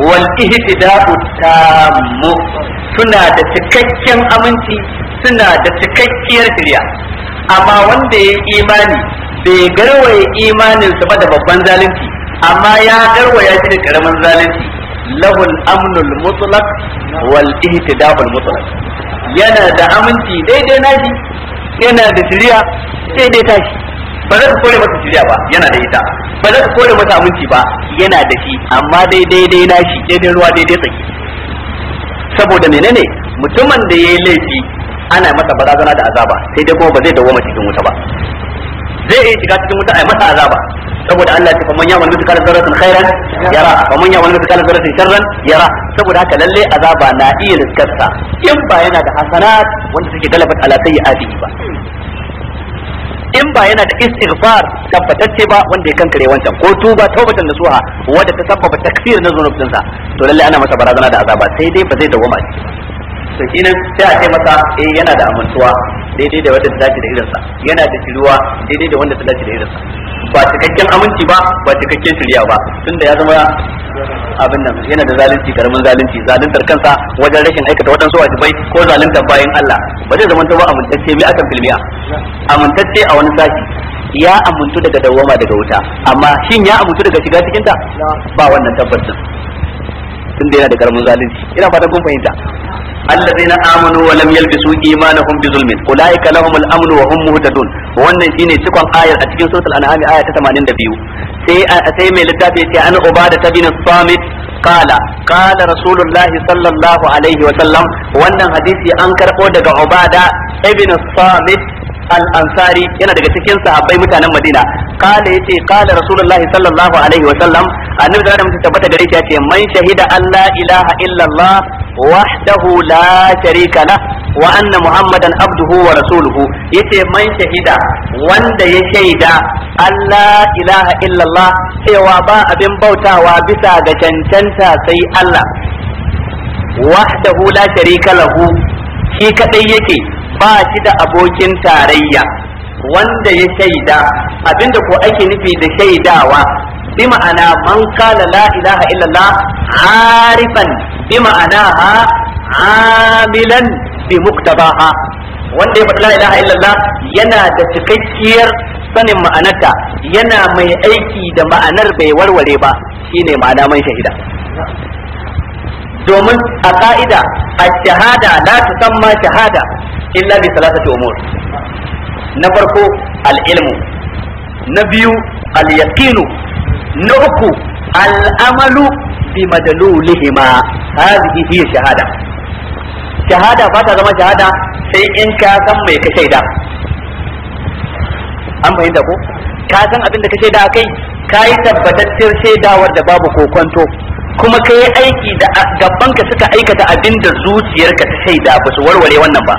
Speaker 1: والاهتداء التام suna da cikakken aminci suna da cikakkiyar shirya amma wanda ya imani bai garwaye imaninsa ba da babban zalunci amma ya garwaya shi da karamin zalunci lahul amnul mutlaq wal ihtida'ul mutlaq yana da aminci daidai naji yana da shirya daidai tashi ba za ka kore masa shirya ba yana da ita ba za ka kore masa aminci ba yana da shi amma dai dai na shi daidai ruwa daidai tsaki saboda menene mutumin da ya yi laifi ana masa barazana da azaba sai dai kuma ba zai dawo cikin wuta ba zai iya shiga cikin wuta a yi masa azaba saboda Allah ya faman yawan mutakal zarratin khairan yara faman yawan mutakal zarratin sharran yara saboda haka lalle azaba na iya riskarsa in ba yana da hasanat wanda suke galabat ala sayyi'ati ba in ba yana da istighfar tabbatacce ba wanda ya kankare wancan ko tuba taubatan da suha wadda ta sabbaba takfir na zunubinsa to lalle ana masa barazana da azaba sai dai ba zai dawo ba to nan sai a ce masa eh yana da amintuwa daidai da wanda ta dace da irinsa yana da shiruwa daidai da wanda ta dace da irinsa ba cikakken aminci ba ba cikakken shirya ba tunda ya zama abin nan yana da zalunci karamin zalunci zaluntar kansa wajen rashin aikata waɗansu wajibai ko zaluntar bayan Allah ba zai zama ba amintacce mi akan filmiya amintacce a wani sashi ya amintu daga dawoma daga wuta amma shin ya amintu daga shiga cikinta, ba wannan tabbacin tunda yana da karamin zalunci ina fatan kun fahimta allazina amanu wa lam yalbisu imanahum bi zulmin ulaika lahum al-amn wa hum muhtadun wannan shine cikon ayar a cikin suratul an'am aya ta 82 sai sai mai littafi sai ce an ubada tabina samit qala qala rasulullahi sallallahu alaihi wa sallam wannan hadisi an karbo daga ubada ibn samit al-ansari yana daga cikin sahabbai mutanen madina kala ce kala rasulullahi sallallahu alaihi wa sallam annabi da mutum tabbata gare shi ya ce man shahida alla ilaha illallah wahdahu la sharika lah wa anna muhammadan abduhu wa rasuluhu yace man shahida wanda ya shaida alla ilaha illallah cewa ba abin bautawa bisa ga cancanta sai Allah wahdahu la sharika lahu shi kadai yake ba shi da abokin tarayya wanda ya shaida abinda ko ake nufi da shaidawa bi ma'ana man kala la ilaha illallah arifan bi ma'ana ha amilan bi muktabaha wanda ya faɗi la ilaha illallah yana da cikakkiyar sanin ma'anarta yana mai aiki da ma'anar bai warware ba shine ma'ana man shahida domin a ka'ida a shahada la tusamma shahada illa bi salatati umur na farko al-ilmu na biyu al-yaqinu na uku al-amalu bi madalulihima hadhihi hiya shahada shahada ba ta zama shahada sai in ka san mai ka shaida an fahimta ko ka san abin da ka shaida kai ka yi tabbatacciyar shaidawar da babu kokonto kuma ka yi aiki da gabanka suka aikata abin da zuciyarka ta shaida ba su warware wannan ba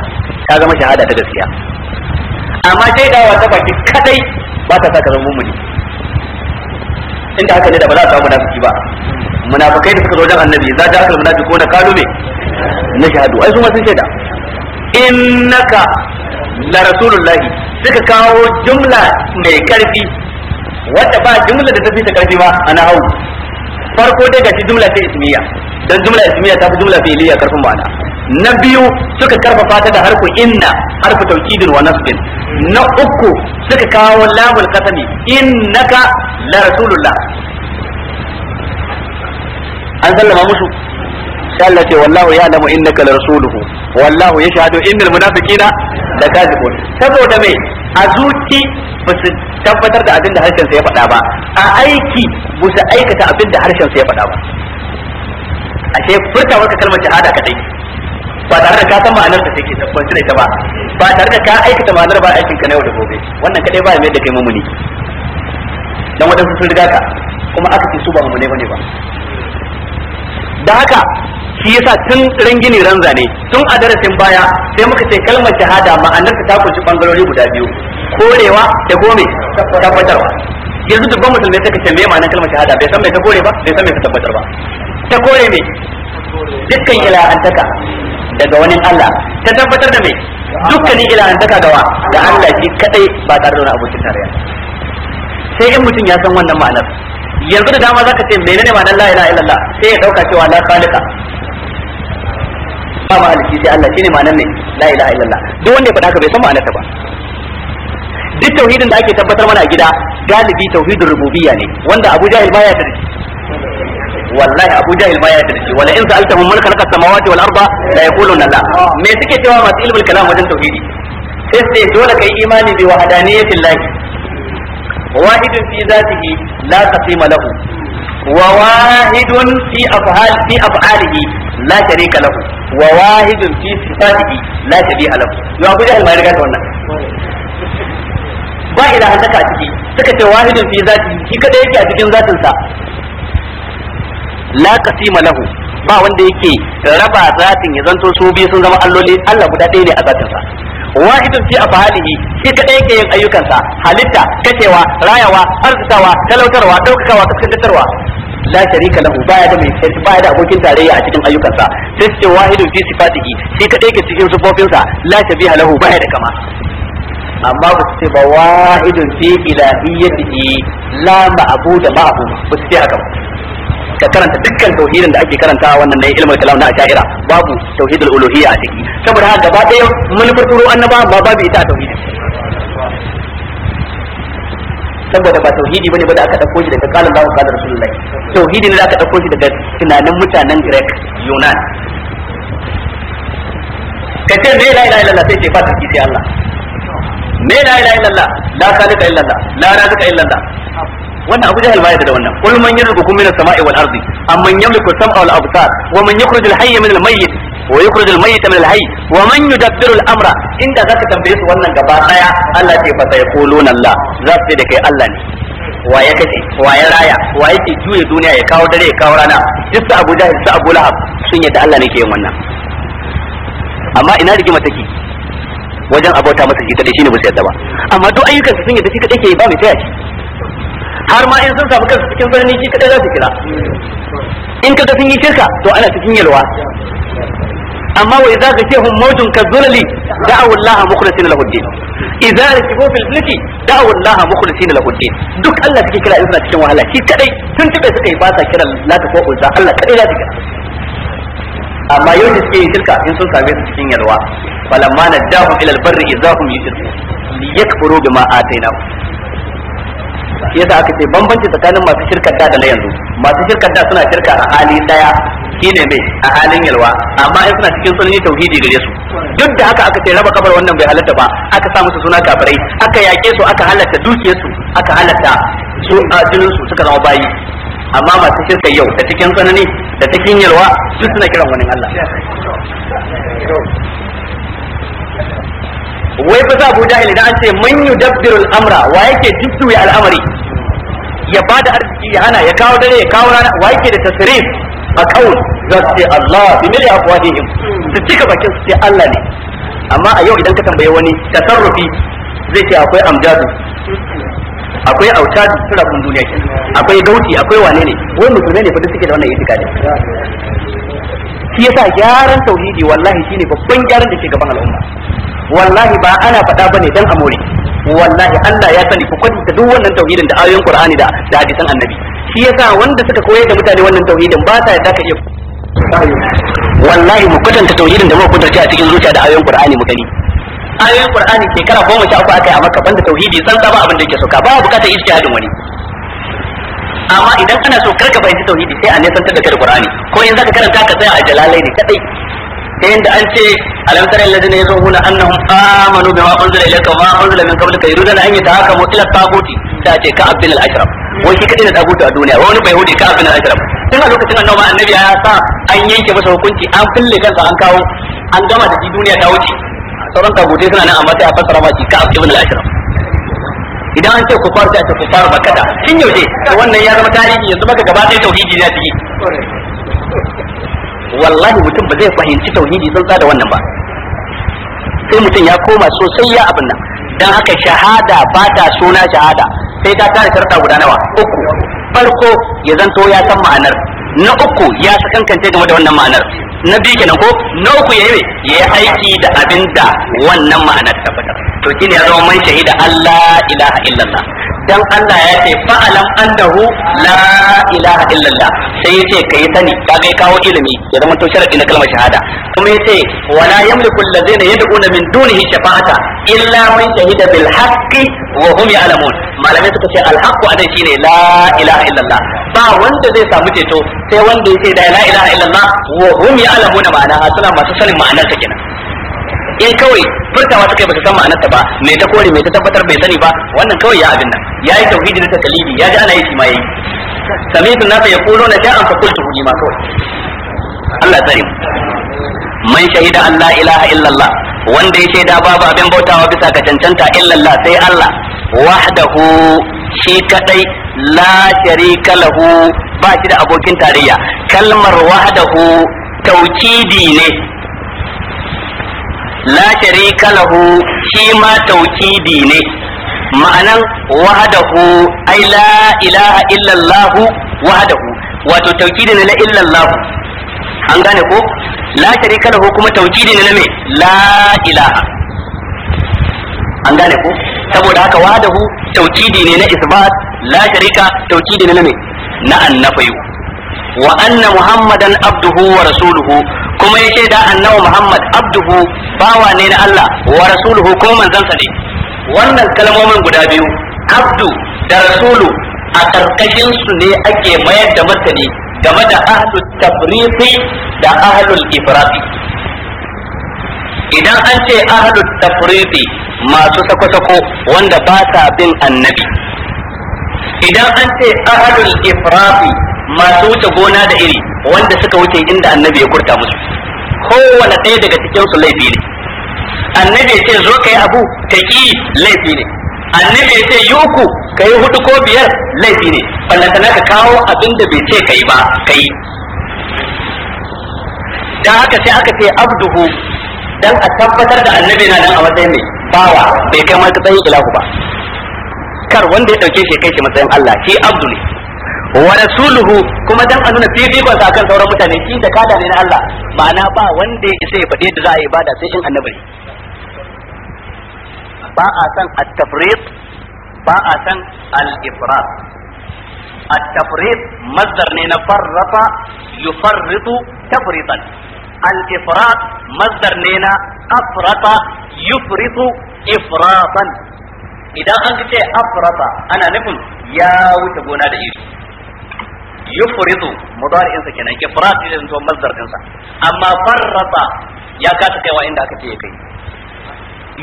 Speaker 1: ta zama shahada ta gaskiya amma da wata baki kadai ba ta sa zama mumuni inda haka ne da ba za a samu munafiki ba munafikai da suka zo wajen annabi za ta akal ko na kalu ne na shahadu ai su ma sun shaida innaka la rasulullahi suka kawo jumla mai karfi wadda ba jumla da ta fi ta karfi ba ana hau farko dai gashi jumla ta ismiya dan jumla ismiya ta fi jumla fi'liya karfin ma'ana na biyu suka karfafa ta da harfu inna harfu taukidin wa nasbin na uku suka kawo lamul qasami innaka la rasulullah an sallama musu sai Allah ce wallahu ya'lamu innaka la rasuluhu wallahu yashhadu innal munafiqina lakazibun saboda me a zuci ba su tabbatar da abin da harshen sa ya faɗa ba a aiki ba su aikata abin da harshen sa ya faɗa ba ashe furtawar ka kalmar shahada kadai ba tare da ka san ma'anar da take da kwanci ita ba ba tare da ka aikata ma'anar ba aikin ka na yau da gobe wannan kadai ba mai da kai mamuni dan wadansu sun riga ka kuma aka ce su ba mamune bane ba da haka shi yasa tun rangini ran zane tun a darasin baya sai muka ce kalmar shahada ma'anar ta kunshi bangarori guda biyu korewa da gome tabbatarwa yanzu dubban musulmai suka ce me ma'anar kalmar shahada bai san mai ta kore ba bai san mai ta tabbatar ba ta kore me dukkan ilahantaka daga wani Allah ta tabbatar da mai dukkanin ilahan taka gawa ga Allah shi kadai ba tare da wani abokin tarayya sai in mutum ya san wannan ma'anar yanzu da dama zaka ce menene ma'anar la ilaha illallah sai ya dauka cewa la khaliqa ba maliki sai Allah shine ma'anar ne la ilaha illallah duk wanda ya faɗa ka bai san ma'anar ta ba duk tauhidin da ake tabbatar mana a gida galibi tauhidur rububiyya ne wanda Abu Jahil baya ta da wallahi abu jahil ma ya yarda da shi wala in sa'altahum man khalaqa samawati wal arda la yaquluna la me suke cewa masu ilmul kalam wajen tauhidi sai sai dole yi imani bi wahdaniyatil lahi wahidun la وواحد في أفعال في أفعاله لا شريك له وواحد في صفاته لا شبيه له لو أبو جهل ما يرجع تونا ba ila hantaka a ciki suka ce wahidun fi zati shi kada yake a cikin zatinsa? la qasima lahu ba wanda yake raba zatin ya zanto su biyu sun zama alloli Allah guda ɗaya ne a zatin sa wahidun fi afalihi shi ɗaya yake yin ayyukansa halitta kacewa rayawa arzikawa talautarwa daukakawa kaskantarwa la sharika lahu baya da mai baya da abokin tarayya a cikin ayyukansa sai ce wahidun fi sifatihi shi kadai yake cikin sa la shabiha lahu baya da kama amma ba su ce ba wahidun fi ilahiyyatihi la ma'budu ma'abu ba su ce haka ba ka karanta dukkan tauhidin da ake karanta wannan ne ilmul kalam na ashaira babu tauhidul uluhiyya a ciki saboda haka gaba ɗaya manufar turo annaba ba babu ita a tauhidi saboda ba tauhidi bane ba da aka dauko shi daga kalan babu kalan rasulullahi tauhidi ne da aka dauko shi daga tunanin mutanen greek yunan ka ce me la ilaha illallah sai ce fa tauhidi sai Allah me la ilaha illallah la khaliqa illallah la raziqa illallah wannan abu jahil ma yadda da wannan qul man yarzuqukum minas sama'i wal ardi amman yamliku as-sam'a wal absar wa man yukhrij al-hayya min al-mayyit wa yukhrij al-mayyita min al-hayy wa man yudabbiru al-amra inda zaka tambaye su wannan gaba daya Allah ce fa sayquluna Allah za su ce da kai Allah ne wa ya kace wa ya raya wa yake juye duniya ya kawo dare ya kawo rana duk Abu Jahil su Abu Lahab sun yadda Allah ne ke yin wannan amma ina rigima take wajen abota masa shi kadai shine ba su yadda ba amma duk ayyukan su sun yadda shi kadai ke ba mai taya har ma in sun samu kansu cikin birni shi kadai za su kira in kaga sun yi shirka to ana cikin yalwa amma wa idza zakahum mawjun kadhulali da'u Allah mukhlisina lahu din idza rakibu fil fulki da'u Allah mukhlisina lahu din duk Allah suke kira in suna cikin wahala shi kadai tun tibe suka yi ba sa kiran la ta ko ulza Allah kadai za su kira amma yau da suke yin shirka in sun same su cikin yalwa falamma najahum ila al-barri idza hum yushriku liyakfuru bima atainahum yasa aka ce bambanci tsakanin masu shirka da na yanzu masu shirkar da suna shirka a hali daya shine mai a halin yalwa amma in suna cikin tsanani tauhidi gare su duk da haka aka ce raba kabar wannan bai halatta ba aka sa musu suna kafirai aka yake su aka halatta su aka halatta su jinin su suka zama bayi amma masu shirka yau da cikin tsanani da cikin yalwa duk suna kiran wani Allah wai fa za Abu Jahil idan an ce man yudabbiru al-amra wa yake jiddu al-amri ya bada arziki ya hana ya kawo dare ya kawo rana wa yake da tasrif a kawun za su ce Allah bi mili afwahihim su cika bakin su ce Allah ne amma a yau idan ka tambaye wani tasarrufi zai ce akwai amjadu akwai autadu sura kun duniya ke akwai gauti akwai wane ne wai musulmai ne fa duk suke da wannan ne shi yasa gyaran tauhidi wallahi shine babban gyaran da ke gaban al'umma wallahi ba ana faɗa bane dan amore wallahi Allah ya sani ku kwatanta duk wannan tauhidin da ayoyin Qur'ani da da hadisan Annabi shi yasa wanda suka koyar da mutane wannan tauhidin ba sa yadda ka iya wallahi mu kwatanta tauhidin da muka kwatanta a cikin zuciya da ayoyin Qur'ani mu gani ayoyin Qur'ani shekara goma sha uku aka yi a maka banda tauhidi san ba abin da yake soka ba bukatar hadin wani amma idan ana so karka fahimci tauhidi sai a nesantar da kai da Qur'ani ko in zaka karanta ka tsaya a jalalai ne kadai ta yadda an ce alam tara alladhina yazununa annahum amanu bima unzila ilayka wa ma unzila min qablika yuriduna an yatahakamu ila taquti ta ce ka abdul al-ashraf wai shi kadai na a duniya wai wani bai hude ka abdul al-ashraf tun a lokacin annabi annabi ya sa an yanke masa hukunci an fille kansa an kawo an gama da shi duniya ta wuce sauran tagutai suna nan amma sai a fassara ma shi ka abdul al-ashraf idan an ce kufar ta ce kufar bakata shin yaushe wannan ya zama tarihi yanzu baka gaba ɗaya tauhidi na ciki wallahi mutum ba zai fahimci tauhidi tsantsa da wannan ba sai mutum ya koma sosai ya abin nan dan haka shahada ba ta suna shahada sai ka tare sharta guda nawa uku farko ya zanto ya san ma'anar na uku ya kankance game da wannan ma'anar na biyu kenan ko na uku ya yi aiki da abin da wannan ma'anar tabbatar to kini ya zama man shahida Allah ilaha illallah dan Allah ya ce fa'alam annahu la ilaha illallah sai yace kai sani ba kai kawo ilimi ya zama to sharadi na kalmar shahada kuma yace wala yamliku allazina yad'una min dunihi shafa'ata illa man shahida bil haqqi wa hum ya'lamun malamai suka ce al haqqu anan shine la ilaha illallah ba wanda zai samu ceto sai wanda yace da la ilaha illallah wa hum ya'lamuna ma'ana suna masu sanin ma'anar ta kenan in eh, kawai furtawa suka yi ba su san ma'anarta ba me ta kore me ta tabbatar bai sani ba wannan kawai ya abin nan ya yi tauhidi da takalibi ya ji ana yi shi ma yayi samitu nasa ya kulo na ja'an fa kultu ma kawai Allah tsare man shahida an la ilaha illallah wanda ya shaida babu abin bautawa bisa ga cancanta illallah sai Allah wahdahu shi kadai la sharika lahu ba shi da abokin tarayya kalmar wahdahu tawkidi ne la sharika lahu shi ma tawkidi ne ma'anan wahdahu ai la ilaha illallah wahdahu wato tawkidi ne na illallah an gane ko la sharika kuma tawkidi ne na me la ilaha an gane ko saboda haka wahadahu tawkidi ne na isbat la sharika tawkidi ne na me na annafayu wa anna muhammadan abduhu wa rasuluhu kuma ya shaida annabi Muhammad abduhu bawa ne na Allah wa rasuluhu ko sa ne wannan kalmomin guda biyu abdu da rasulu a karkashin su ne ake mayar da martani game da ahlu tafriqi da ahlul ifrati idan an ce ahlu tafriqi masu sako-sako wanda ba ta bin annabi idan an ce ahlul ifrati masu wuce gona da iri wanda suka wuce inda annabi ya kurta musu kowane ɗaya daga cikin su laifi ne annabi ya ce zo ka yi abu ka ki laifi ne annabi ya ce yi uku ka yi hudu ko biyar laifi ne ballantana ka kawo abin da bai ce ka yi ba ka yi Da haka sai aka ce abduhu dan a tabbatar da annabi na nan a matsayin mai bawa bai kai matsayin ilahu ba kar wanda ya ɗauke shi kai shi matsayin Allah shi abdu ne wa rasuluhu kuma dan a nuna fifikon sa kan sauran mutane shi da kada ne na Allah ma'ana ba wanda ya isa ya faɗi da za a yi ibada sai in annabi ba a san at-tafriq ba a san al ifrad at-tafriq mazdar ne na farrafa yufarritu tafridan al ifrad mazdar ne na afrata yufritu ifratan idan an ce afrata ana nufin ya wuce gona da iri yufridu mudari'in sa kenan ifrat ne zanto masdar din sa amma farrata ya kasa kaiwa inda aka ce ya kai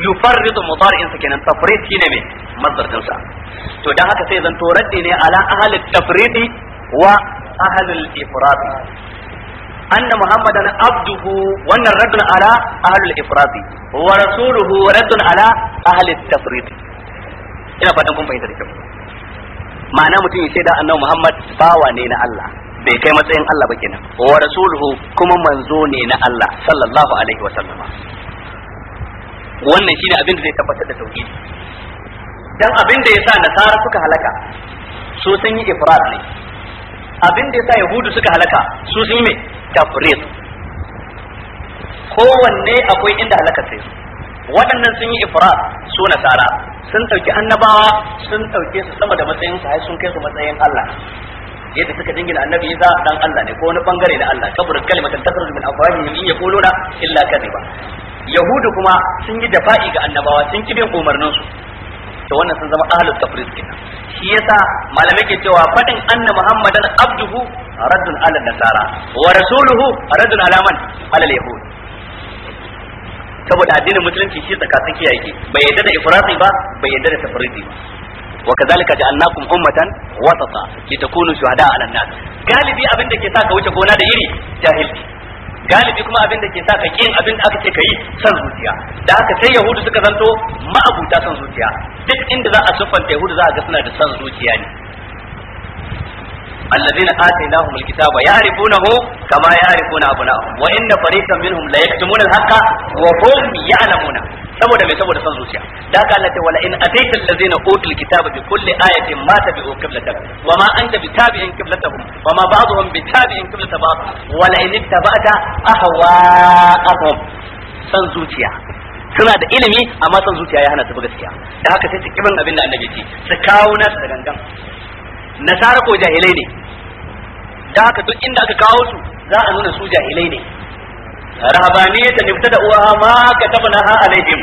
Speaker 1: yufarridu mudari'in insa kenan tafrid shine me masdar din to dan haka sai zanto raddi ne ala ahli tafridi wa ahli al-ifrat anna muhammadan abduhu wannan raddun ala ahli al wa rasuluhu raddun ala ahli at-tafrid ina fatan kun fahimta da kyau ma'ana mutum ya ce da annabi Muhammad bawa ne na Allah bai kai matsayin Allah ba kenan wa rasuluhu kuma manzo ne na Allah sallallahu alaihi wa sallama wannan shine abin da zai tabbatar da tauhidi dan abin da yasa nasara suka halaka su sun yi ifrat ne abin da yasa yahudu suka halaka su sun yi me tafrid kowanne akwai inda halaka sai waɗannan sun yi ifrat su nasara sun ɗauki annabawa sun ɗauke su sama da matsayin su sun kai su matsayin Allah yadda suka dingina annabi Isa dan Allah ne ko wani bangare na Allah kabur kalimatan takhruj min afwahihim in yaquluna illa kadhiba yahudu kuma sun yi dafa'i ga annabawa sun kibin umarnin su to wannan sun zama ahlul su kenan shi yasa malamai ke cewa faɗin anna muhammadan abduhu raddun ala nasara wa rasuluhu raddun ala man ala yahud saboda addinin musulunci shi kiyaye yake bai yadda da ifrati ba bai yadda da tafriti ummatan wasata ki takunu shuhada 'ala an-nas galibi abin da ke sa ka wuce gona da iri jahilci galibi kuma abin da ke sa ka kin abin da aka ce ka yi san zuciya da haka sai yahudu suka zanto ma'abuta san zuciya duk inda za a siffanta yahudu za a ga suna da san zuciya ne alladhina atainahum alkitaba ya'rifunahu kama ya'rifuna abna'ahum wa inna fariqan minhum la yaktumuna alhaqqa wa hum ya'lamuna saboda me saboda san zuciya da haka Allah ta wala in ataita alladhina utul kitaba bi kulli ayatin ma tabi'u qiblatak wa ma anta bitabi'in qiblatahum wa ma ba'dhum bitabi'in qiblat ba'd wa la in ittaba'ta ahwa'ahum san zuciya suna da ilimi amma san zuciya ya hana su gaskiya da haka sai su kibin abin da annabi ce su kawo nasu da gangan nasara ko jahilai ne da haka duk inda aka kawo su za a nuna su jahilai ne rahabaniyatan da uwa ma ha alaihim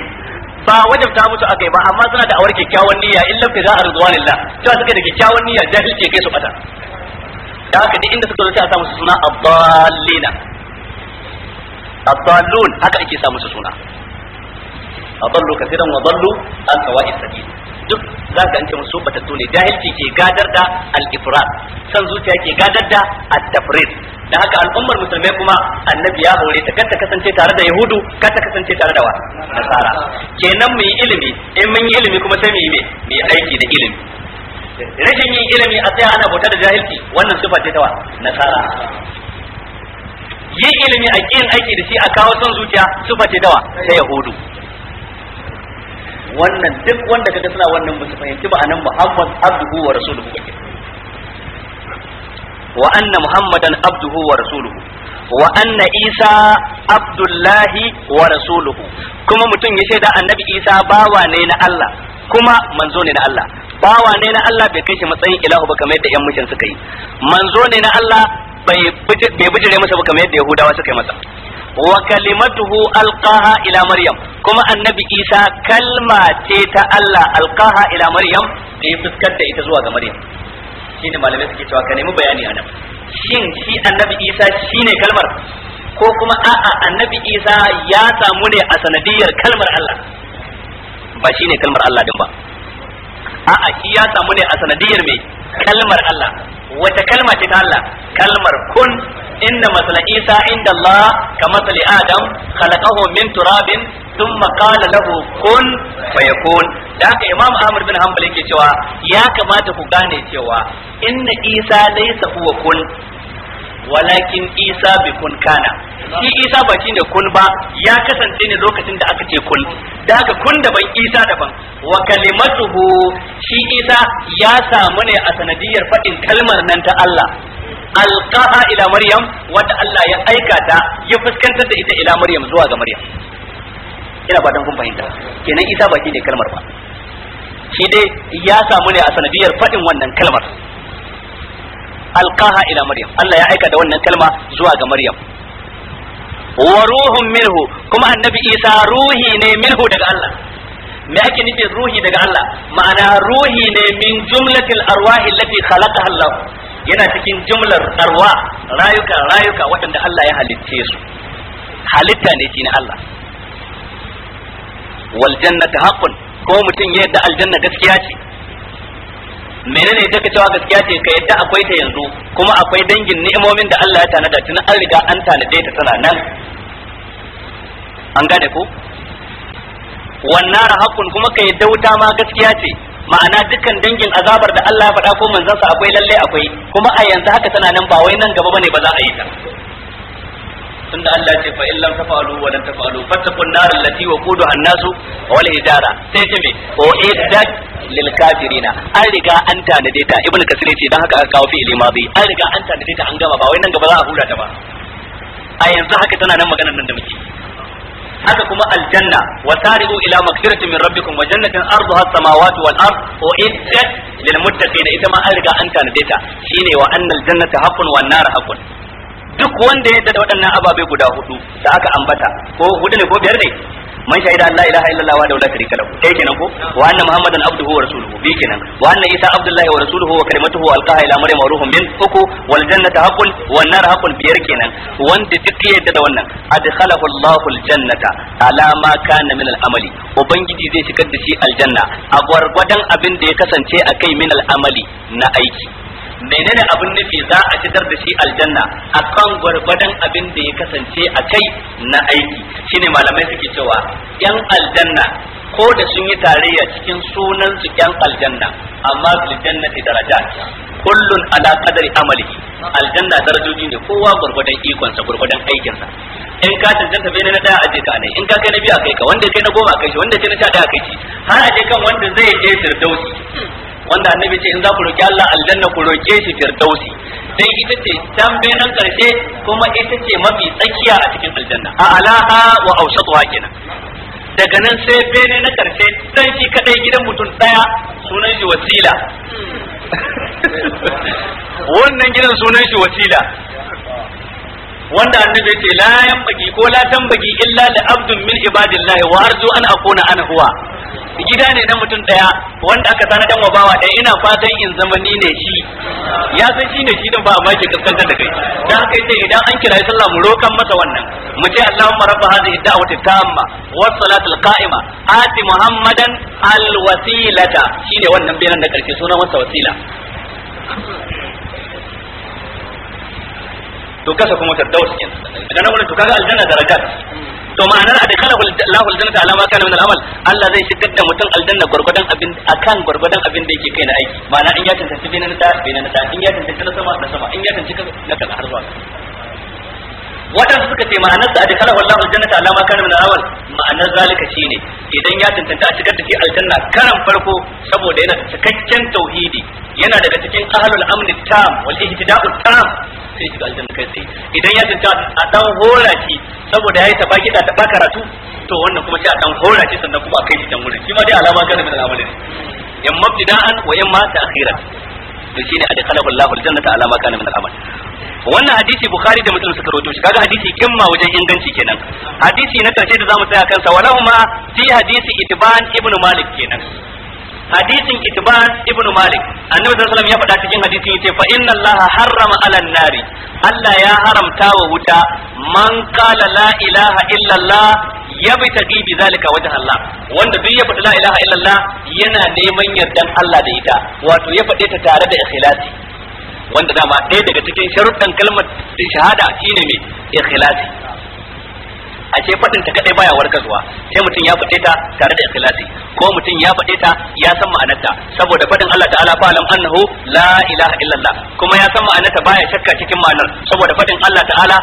Speaker 1: ba wajen ta musu aka yi ba amma suna da awar kyakkyawan niyya in lam tiza ridwanillah cewa suka da kyakkyawan niyya ke kai su bata da haka duk inda suka zo sai a samu su suna abdallina abdallun haka ake samu su suna adallu kaseeran wa dallu an sawa'i sabil duk za ka ce musu ta ne jahilci ke gadar da al-ifrat san zuciya ke gadar da at-tafrid da haka al'ummar musulmai kuma annabi ya hore ta kanta kasance tare da yahudu kanta kasance tare da wa nasara kenan mu yi ilimi in mun yi ilimi kuma sai mu yi me mu yi aiki da ilimi rashin yin ilimi a tsaya ana bauta da jahilci wannan sifa ce ta wa nasara yin ilimi a kiyin aiki da shi a kawo son zuciya sifa ce ta wa ta yahudu wannan duk wanda kaga suna wannan ba su fahimci ba anan Muhammad abduhu wa rasuluhu kake wa anna Muhammadan abduhu wa rasuluhu wa anna Isa abdullahi wa rasuluhu kuma mutum ya shaida annabi Isa bawa ne na Allah kuma manzo ne na Allah bawa ne na Allah bai kai shi matsayin ilahu ba kamar yadda yan mushin suka yi manzo ne na Allah bai bijire masa ba kamar yadda yahudawa suka yi masa wa kalimatuhu alqaha ila maryam kuma annabi isa kalma ce ta Allah alqaha ila maryam da ya fuskar da ita zuwa ga maryam shine malamai suke cewa ka bayani anan shin annabi isa shine kalmar ko kuma a'a annabi isa ya samu ne a sanadiyar kalmar Allah ba shine kalmar Allah din ba a'a shi ya samu ne a sanadiyar mai kalmar Allah wata kalma ce ta Allah kalmar kun inna masala isa inda Allah ka masali adam khalaqahu min turabin thumma qala lahu kun fayakun da haka imam ahmad bin hanbal yake cewa ya kamata ku gane cewa inna isa laysa huwa kun walakin isa bi kun kana shi isa ba shine kun ba ya kasance ne lokacin da aka ce kun da haka kun da ban isa daban wa kalimatuhu shi isa ya samu ne a sanadiyar faɗin kalmar nan ta Allah alqaha ila maryam wata Allah ya aika ta ya fuskantar da ita ila maryam zuwa ga maryam ina fatan kun fahimta kenan isa ba shine kalmar ba shi dai ya samu ne a sanadiyar faɗin wannan kalmar alqaha ila maryam Allah ya aika da wannan kalma zuwa ga maryam wa ruhun minhu kuma annabi isa ruhi ne minhu daga Allah me ake nufi ruhi daga Allah ma'ana ruhi ne min jumlatil arwahi allati khalaqaha Allah yana cikin jumlar arwa rayuka rayuka waɗanda Allah ya halitte su halitta ne shi ne Allah wal jannatu haqqun ko mutum yadda aljanna gaskiya ce menene ita ka cewa gaskiya ce ka yadda akwai ta yanzu kuma akwai dangin ni'imomin da Allah ya tanada tun an riga an tanade ta tana nan an gane ko wannan rahakun kuma ka yadda wuta ma gaskiya ce ma'ana dukkan dangin azabar da Allah ya faɗa ko manzansa akwai lalle akwai kuma a yanzu haka tana nan ba wai nan gaba bane ba za a yi ta tunda Allah ce fa illam tafalu wa lan tafalu fattaqun nar allati waquduha an-nasu wal idara sai ce me o iddat lil kafirina an riga an tanade ta ibnu kasir ce dan haka aka kawo fi'ili madi an riga an tanade ta an gama ba wai nan gaba za a hura ta ba a yanzu haka tana nan maganar nan da muke haka kuma aljanna wa sari'u ila magfiratin min rabbikum wa jannatin arduha as-samawati wal ard uiddat lil muttaqin ita ma an riga an tanade ta shine wa annal jannata haqqun wan nar haqqun duk wanda ya da waɗannan ababai guda hudu da aka ambata ko hudu ne ko biyar ne man shahida an la ilaha illallah wa la sharika lahu kai kenan ko wa anna muhammadan abduhu wa rasuluhu bi kenan wa anna isa abdullahi wa rasuluhu wa kalimatuhu alqaha ila maryam wa ruhum min uku wal jannatu haqqun wa nar haqqun biyar kenan wanda duk ya yadda da wannan adkhalahu allahul jannata ala ma kana min al amali ubangiji zai shigar da shi aljanna a gwargwadon abin da ya kasance akai min al amali na aiki menene abin nufi za a fitar da shi aljanna akan gwargwadon abin da ya kasance a kai na aiki shine malamai suke cewa yan aljanna ko da sun yi tarayya cikin sunan su yan aljanna amma fil jannati daraja kullun ala qadari amalihi aljanna darajoji ne kowa gurgudan ikon sa gurgudan aikin sa in ka tantance bai na daya aje ka ne in ka kai na biya kai ka wanda kai na goma kai shi wanda kai na sha daya kai shi har aje kan wanda zai je firdausi wanda annabi ce in za ku roki Allah aljanna ku roke shi firdausi Sai ita ce dan nan karshe kuma ita ce mafi tsakiya a cikin aljanna a alaha wa awsatuha kenan daga nan sai bene na karshe dan shi kadai gidan mutum daya sunan shi wasila hmm. wannan gidan sunan shi wasila wanda annabi yake la yanbagi ko la tambaki illa li abdun min ibadillahi wa arju an akuna ana huwa gida ne na mutum daya wanda aka sanar dan wabawa ɗaya ina fatan in zama ni ne shi ya san shi ne shi din ba amma ke kaskanta da kai dan kai yace idan an kira sallah mu rokan masa wannan mu ce allahumma rabb hadhihi da'wati tamma was salatul qa'ima ati muhammadan al wasilata shine wannan bayanan da karshe sunan masa wasila to kasa kuma firdaus kin daga nan to kaga aljanna darajat to ma'anar a Allahu aljannata ala alama kana min al-amal Allah zai shigar da mutum aljanna gurgudan abin akan gurgudan abin da yake kai na aiki ma'ana in ya tantance bi na da bi na da in ya tantance na sama da sama in ya tantance na ka har zuwa wadanda suka ce ma'anar da adkhalahu Allahu aljannata ala ma kana min al-amal ma'anar zalika shine idan ya tantance a shigar da shi aljanna karan farko saboda yana da cikakken tauhidi yana daga cikin ahlul amn tam wal ihtida'u tam sai shiga aljanna kai sai idan ya tanta a dan hora shi saboda yayi tabaki da taba karatu to wannan kuma sai a dan hora shi sannan kuma a kai shi dan wurin shi ma dai alama kana min al'amali yan mabtida'an wa 'yan ma ta'khira to shine adkhalahu Allahu aljannata alama kana min al'amal wannan hadisi bukhari da muslim suka rawaito shi kaga hadisi kimma wajen inganci kenan hadisi na karshe da zamu tsaya kansa walahuma fi hadisi itban ibnu malik kenan hadisin itban ibn malik annabi sallallahu alaihi ya faɗa cikin hadisin yace fa inna allaha harrama ala nari allah ya haramta wa wuta man qala la ilaha illa allah yabtaghi bi zalika wajh allah wanda bi ya faɗi la ilaha illa allah yana neman yardan allah da ita wato ya faɗe ta tare da ikhlasi wanda dama ɗaya daga cikin sharuɗan kalmar shahada shine mai ikhlasi a ce fadin ta kadai baya zuwa sai mutum ya fade ta tare da ikhlasi ko mutum ya fade ta ya san ma'anarta saboda fadin Allah ta'ala fa alam annahu la ilaha illallah kuma ya san ma'anarta baya shakka cikin ma'anar saboda fadin Allah ta'ala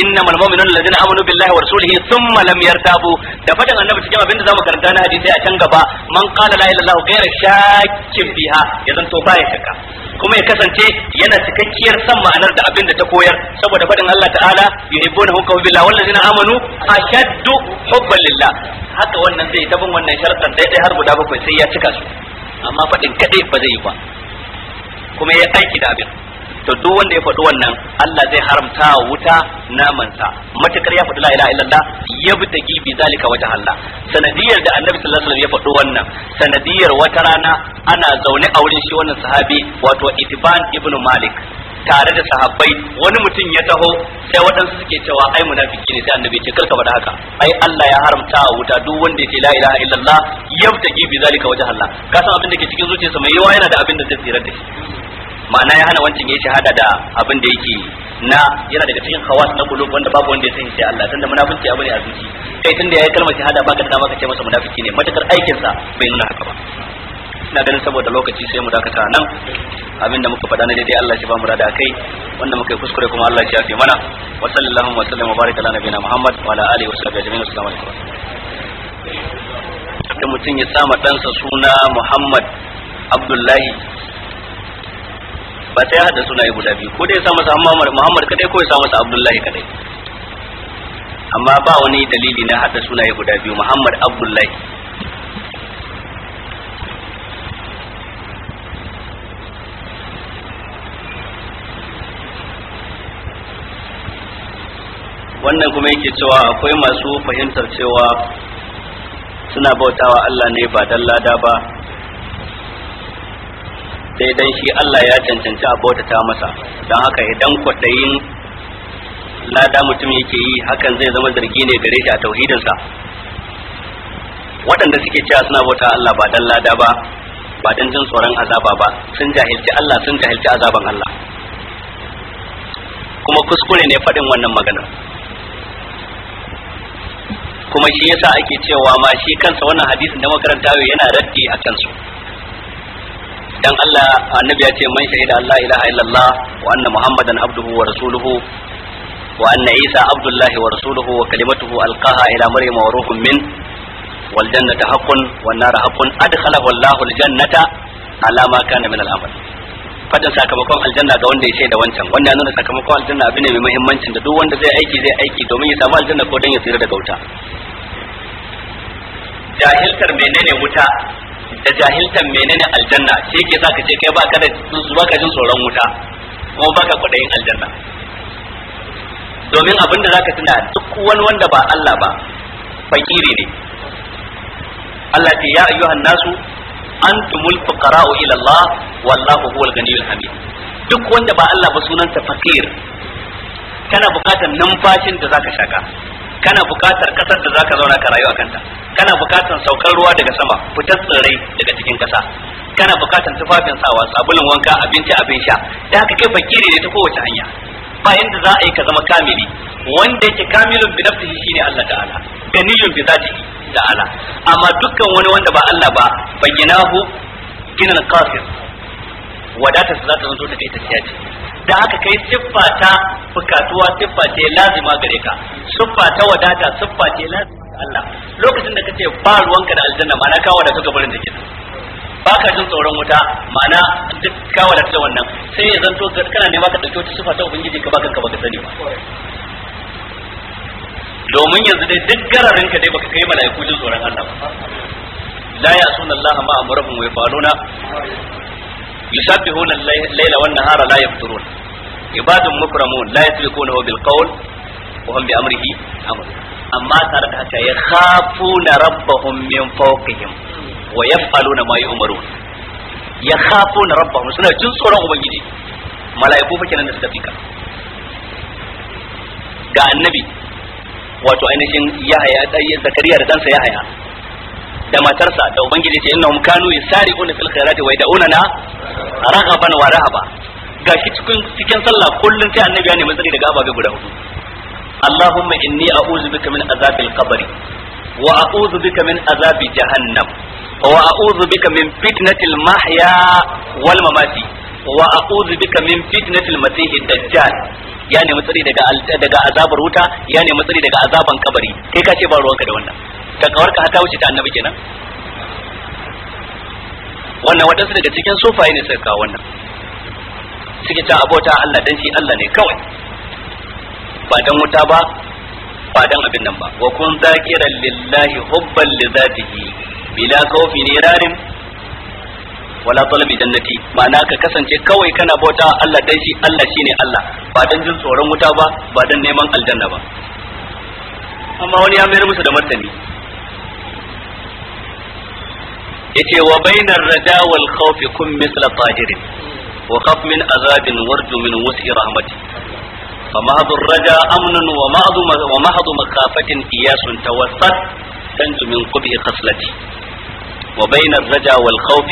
Speaker 1: innamal mu'minuna alladhina amanu billahi wa rasulihi thumma lam yartabu da fadin annabi cikin abinda zamu karanta na hadisi a can gaba man qala la ilaha illallah ghayra shakkin biha ya to baya shakka kuma ya kasance yana cikakkiyar san ma'anar da abinda ta koyar saboda fadin Allah ta'ala yuhibbuna hukum billahi wallazina amanu amanu ashaddu hubban lillah haka wannan zai tabin wannan shartan dai dai har guda bakwai sai ya cika su amma fadin kaɗai ba zai yi ba kuma ya aiki da abin to duk wanda ya faɗi wannan Allah zai haramta wuta namansa matakar ya faɗi la ilaha illallah ya bi gibi zalika wata Allah sanadiyar da annabi sallallahu alaihi wasallam ya faɗi wannan sanadiyar wata rana ana zaune a wurin shi wannan sahabi wato Itban ibn Malik tare da sahabbai wani mutum ya taho sai waɗansu suke cewa ai munafiki ne sai annabi ce karka bada haka ai Allah ya haramta wuta duk wanda ya ce la ilaha illallah ya bi zalika wajh Allah ka san abin da ke cikin zuciyarsa mai yawa yana da abin da zai tsira da shi ma'ana ya hana wancan yake shahada da abin da yake na yana daga cikin khawas na kullu wanda babu wanda ya san sai Allah tunda munafiki abu ne a zuci kai tunda yayi kalmar shahada baka da maka ka ce masa munafiki ne matakar aikin sa bai nuna haka ba ina ganin saboda lokaci sai mu dakata nan abinda muka faɗa na daidai Allah shi ba mu rada kai wanda muka yi kuskure kuma Allah shi ya fi mana wa sallallahu wa sallam wa baraka ala nabiyina Muhammad wa ala alihi wa sahbihi ajma'in assalamu alaikum da mutum ya sama ɗansa suna Muhammad Abdullahi ba sai hada sunaye guda biyu ko dai ya sa masa Muhammad Muhammad kadai ko ya sa masa Abdullahi kadai amma ba wani dalili na hada sunaye guda biyu Muhammad Abdullahi wannan kuma yake cewa akwai masu fahimtar cewa suna bautawa Allah ne ba dan lada ba sai dan shi Allah ya cancanci abota ta masa don haka idan kwaɗayin lada mutum yake yi hakan zai zama zargi ne gare shi a tauhidinsa waɗanda suke cewa suna bauta Allah ba dan lada ba ba dan jin tsoron azaba ba sun jahilci Allah sun jahilci azaban Allah kuma kuskure ne faɗin wannan magana kuma shi yasa ake cewa ma shi kansa wannan hadisin da makaranta yana raddi a kansu dan Allah annabi ya ce man shahida Allah ilaha illallah wa anna muhammadan abduhu wa rasuluhu wa anna isa abdullahi wa rasuluhu wa kalimatuhu alqaha ila maryama wa ruhum min wal jannatu haqqun wan nar haqqun adkhalahu Allahu al jannata ala ma kana min al amal fadin sakamakon aljanna ga wanda ya ce da wancan wanda ya nuna sakamakon aljanna abu ne mai muhimmancin da duk wanda zai aiki zai aiki domin ya samu aljanna ko dan ya tsira daga wuta jahiltar menene wuta da jahiltan menene aljanna shi ke sa ce kai baka da baka jin tsoron wuta kuma baka kudin aljanna domin abin zaka tuna duk wani wanda ba Allah ba fakiri ne Allah ce ya ayyuhan nasu antumul fuqara'u ila Allah wallahu huwal ganiyul hamid duk wanda ba Allah ba sunansa fakir kana bukatar numfashin da zaka shaka kana bukatar kasar da zaka zauna ka rayu a kanta kana bukatar saukar ruwa daga sama fitar tsirrai daga cikin kasa kana bukatar tufafin sawa sabulun wanka abinci abin sha da haka kai fakiri ne ta kowace hanya ba inda za a yi ka zama kamili wanda yake kamilun bi nafsihi shine Allah ta'ala ganiyun bi zatihi ta'ala amma dukkan wani wanda ba Allah ba bayyanahu ginan kafir wadatar za ta zo da kai ta ce da aka kai siffa ta bukatuwa siffa ce lazima gare ka siffa ta wadata siffa ce lazima ga Allah lokacin da kace ba ruwanka da aljanna ma'ana ka kaga ga da kike ba ka jin tsoron wuta ma'ana duk ka wadata da wannan sai ya zanto kana ne ka dauke wata siffa ta ubangiji ka baka ka baka sani ba domin yanzu dai duk gararin ka dai baka kai malaiku jin tsoron Allah ba la ya sunallahu ma amrahum wa yafaluna yusabbihuna al-layla wan nahara la yafturun ibadun mukramun la yasbiqunahu bil qawl wa hum bi amrihi amal amma tare da haka yakhafuna rabbahum min fawqihim wa yaf'aluna ma yu'marun yakhafuna rabbahum suna jin tsoron ubangiji mala'iku fa kenan da suka ga annabi wato ainihin zakariya da dansa yahaya da matarsa da ubangiji ce innahum kanu yasari'una fil khairati wa yad'unana raghaban wa rahaba gashi cikin cikin sallah kullun sai annabi ya nemi tsari daga ababe guda hudu Allahumma inni a'udhu bika min azabil qabr wa a'udhu bika min azabi jahannam wa a'udhu bika min fitnatil mahya wal mamati wa a'udhu bika min fitnatil masiihid dajjal ya nemi tsari daga daga azabar wuta ya nemi tsari daga azaban kabari kai ka ce ba ruwanka da wannan takawar ka hata wuce ta annabi kenan wannan waɗansu daga cikin sufaye ne suka kawo wannan suke ta abota Allah dan shi Allah ne kawai ba dan wuta ba ba dan abin nan ba wa kun zakiran lillahi hubban li zatihi bila khawfi nirarin wala talabi jannati ma'ana ka kasance kawai kana bauta Allah dan shi Allah shine Allah ba dan jin tsoron wuta ba ba dan neman aljanna ba amma wani ya mayar musu da martani yace wa bainar raja wal khawf kun misla tahir wa khaf min azabin warju min wasi rahmati fa mahdu raja amnun wa mahdu wa mahdu qiyasun tawassat tanju min qubi khaslati wa bainar raja wal khawf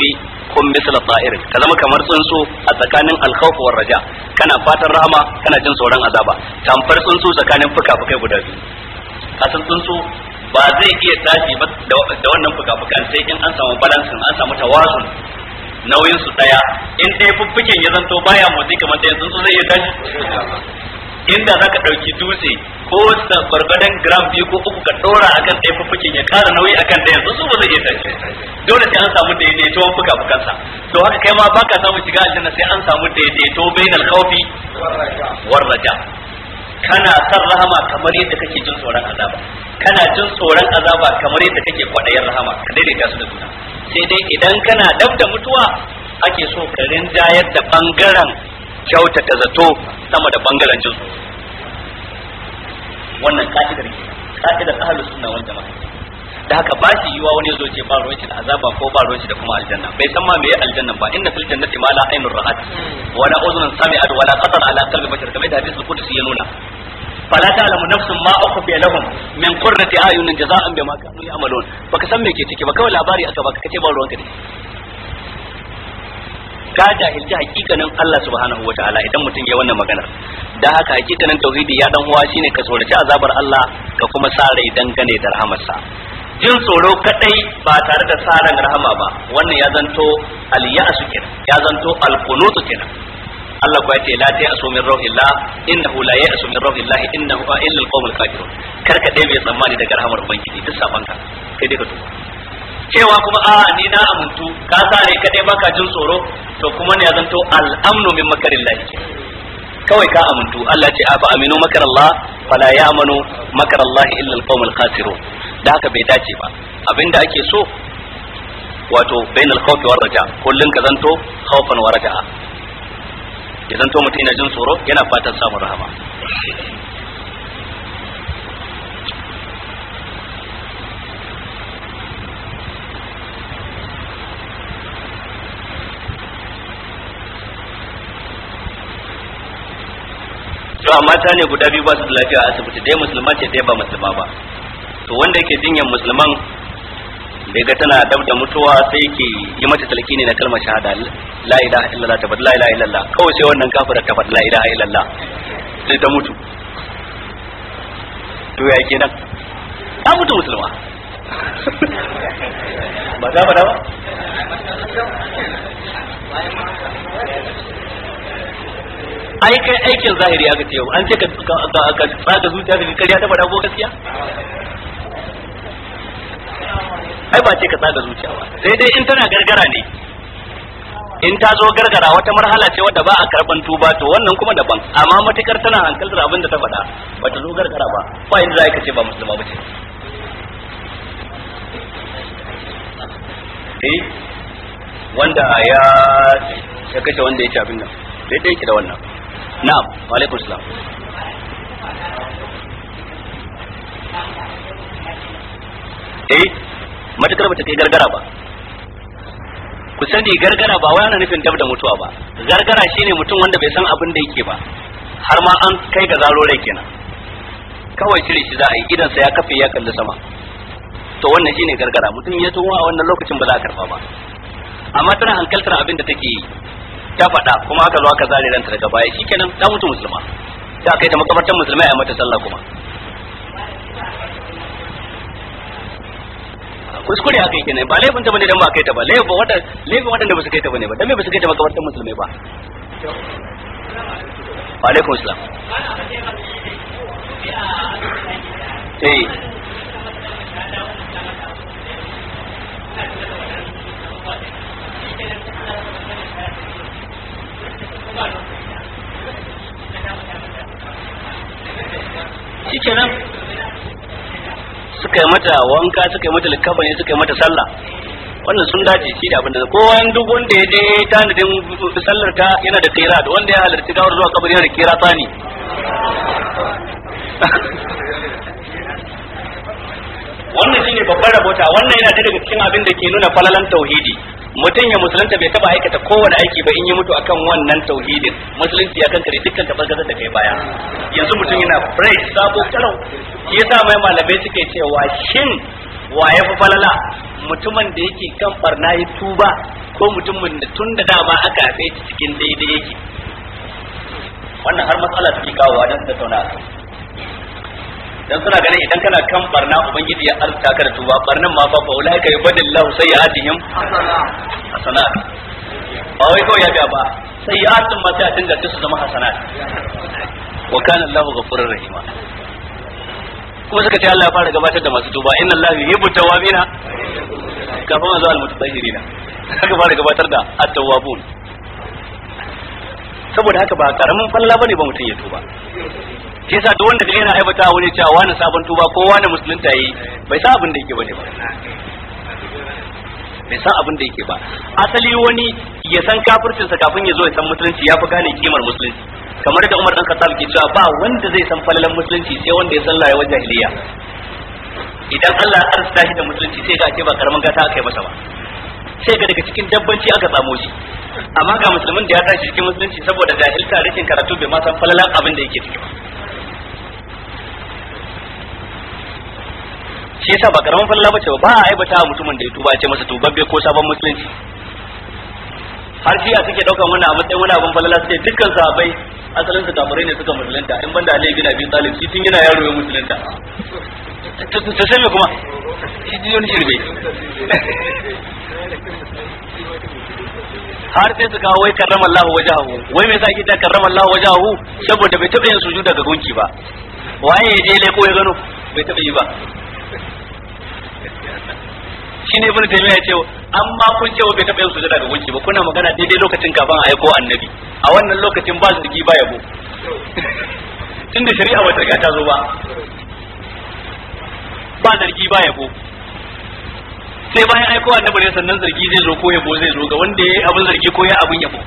Speaker 1: kun misla tahir ka zama kamar tsuntsu a tsakanin al khawf war raja kana fatan rahama kana jin tsoron azaba tamfar tsuntsu tsakanin fuka-fukai guda biyu kasan tsuntsu ba zai iya tashi ba da wannan fuka-fukan sai in an samu balansin an samu tawasun nauyin su daya in ɗaya fuffuken ya zanto baya motsi kamar da yanzu zai iya tashi inda za ka ɗauki dutse ko da gwargwadon gram biyu ko uku ka ɗora a kan ɗaya ya ƙara nauyi a kan ɗayan su ba zai iya tashi dole sai an samu daidaituwan fuka-fukansa to haka kai ma baka samu shiga aljanna sai an samu daidaito bainal khawfi war raja kana son rahama kamar yadda kake jin tsoron azaba kana jin tsoron azaba kamar yadda kake kwaɗayin rahama ka ka su da juna sai dai idan kana dab da mutuwa ake so ka rinjayar da bangaren ta zato sama da bangaren jin tsoro wannan ka'idar ka'idar ahlus sunna wal jama'a da haka ba shi yiwa wani zo ce ba ruwan shi da azaba ko ba ruwan shi da kuma aljanna bai san ma me ya aljanna ba inna fil jannati ma la aynur ra'at wa la uzunun sami'at wa la qatar ala qalbi bashar kamar da hadisul qudsi ya nuna fala ta'lamu nafsun ma ukhfiya lahum min qurrati ayunin jaza'an bima kanu ya'malun baka san me ke ciki ba kawai labari aka baka kace ba ruwanka ne ka jahilci hakikanin Allah subhanahu wa ta'ala idan mutum ya wannan magana da haka hakikanin tauhidi ya dan uwa shine ka tsoraci azabar Allah ka kuma sa rai dangane da rahamarsa jin tsoro kadai ba tare da sa rahama ba wannan ya zanto al-ya'su kenan ya zanto al kenan Allah kuwa ce la ta asu min rauhillah innahu la ya'su min rauhillah innahu illa al-qawmul kafirun kar ka dai bai tsammani daga rahamar ubangiji duk saban ka kai dai ka tuba cewa kuma a ni na amuntu ka sa ne kadai baka jin tsoro to kuma ne ya zanto al-amnu min makarillah kawai ka amuntu Allah ce a ba aminu makarallah fala ya ya'manu makarallah illa al-qawmul khasirun da haka bai dace ba abinda ake so wato bainal khawfi war raja kullun ka zanto khawfan wa raja'a ya zanto mutum yana jin tsoro yana fatan samun rahama to mata ne guda biyu ba su da lafiya a asibiti dai musulman ce dai ba musulma ba to wanda yake jinyar musulman bai ga tana dab da mutuwa sai yake yi mata talaki ne na kalmar shahada la ilaha illallah tabad la ilaha illallah kawai sai wannan kafira tabad la ilaha illallah sai ta mutu to ya kenan ta mutu musulma ba za ba da ba aikin zahiri ga ce an ce ka tsaka zuciya ka kariya ta fada ko gaskiya ai ba ce ka tsaga zuciya ba sai dai in tana gargara ne in ta zo gargara wata marhala ce wadda ba a karban tuba to wannan kuma daban amma matukar tana hankaltar abin da ta faɗa ba ta zo gargara ba ba inda za yi kace ba musulma ba ce eh wanda ya ya kashe wanda ya ci abin nan dai dai ki da wannan na'am wa alaikum salam eh matukar bata kai gargara ba ku sani gargara ba wai ana nufin dab da mutuwa ba gargara shine mutum wanda bai san abin da yake ba har ma an kai ga zaro rai kenan kawai cire shi za a yi idansa ya kafe ya kalli sama to wannan shine gargara mutum ya tuwa a wannan lokacin ba za a karba ba amma tana hankaltar abin da take yi ta faɗa kuma aka zo aka zare ranta daga baya shikenan ta mutu musulma ta kai ta makabartar musulmai a mata sallah kuma kuskure haka yake ne ba laifin ta bane dan ba kai ta ba laifin wata laifin wata da ba su kai ta bane ba dan me ba su kai ta makabartan musulmi ba wa alaikum salam eh shi kenan suka yi mata wanka suka yi mata likafani suka yi mata sallah wannan sun dace shi da abinda kowa duk wanda ya je tanadin sallar ta yana da kira da wanda ya halarci gawar zuwa kabari yana da kira tsani wannan shine babbar rabota wannan yana daga cikin abin da ke nuna falalan tauhidi mutum ya musulunta bai taba aikata kowane aiki ba in yi mutu akan wannan tauhidin musulunci ya kankare dukkan tabargazar da kai baya yanzu mutum yana fresh sabo ya yasa mai malamai suke cewa shin wa ya fi falala mutumin da yake kan barna ya tuba ko mutumin da tun da dama aka haife cikin daidai yake wannan har matsala suke kawowa don tattauna dan suna ganin idan kana kan barna ubangiji ya arzuta ka da tuba barnan ma fa faulai ka yubadillahu sayyi'atihim hasanat ba wai kawai ya ga ba sayyi'atun ma sai tinda su zama hasanat wa kana Allahu ghafurur rahima kuma suka ce Allah ya fara gabatar da masu tuba inna Allah yuhibbu tawabina kafin a zo al-mutatahhirina aka fara gabatar da at-tawwabun saboda haka ba karamin falla bane ba mutum ya tuba shi yasa duk wanda kaga yana aibata wani cewa wani sabon tuba ko wani musulunta yi bai san abin da yake bane ba bai san abin da yake ba asali wani ya san kafircin sa kafin ya zo ya san musulunci ya fi gane kimar musulunci kamar da Umar dan Khattab ke cewa ba wanda zai san falalan musulunci sai wanda ya san rayuwar jahiliya idan Allah ya arsa shi da musulunci sai ga ce ba karaman gata aka yi masa ba sai ga daga cikin dabbanci aka samu shi amma ga musulmin da ya tashi cikin musulunci saboda jahilta rikin karatu bai ma san falalan abin da yake ciki ba shi yasa ba karaman falala bace ba a aibata mutumin da ya tuba ce masa tubabbe ko sabon musulunci har shiya suke daukan wannan a matsayin wani abun falala sai dukkan sahabbai asalin su kafirai ne suka musulunta in banda Ali bin Abi Talib shi tun yana yaro ya musulunta ta san me kuma shi ji wani shirbe har sai su kawo wai karrama Allah wajahu wai me yasa ake ta karrama Allah wajahu saboda bai taba yin sujuda daga gunki ba waye ya je leko ya gano bai taba yi ba shi ne ibn taymiya ce amma kun ce bai taɓa yin sujada ga gunki ba kuna magana daidai lokacin kafin a aiko annabi a wannan lokacin ba zargi ba yabo tunda shari'a ba ta riga ta zo ba ba zargi ba yabo sai bayan aiko annabi ne sannan zargi zai zo ko yabo zai zo ga wanda ya abin zargi ko ya abin yabo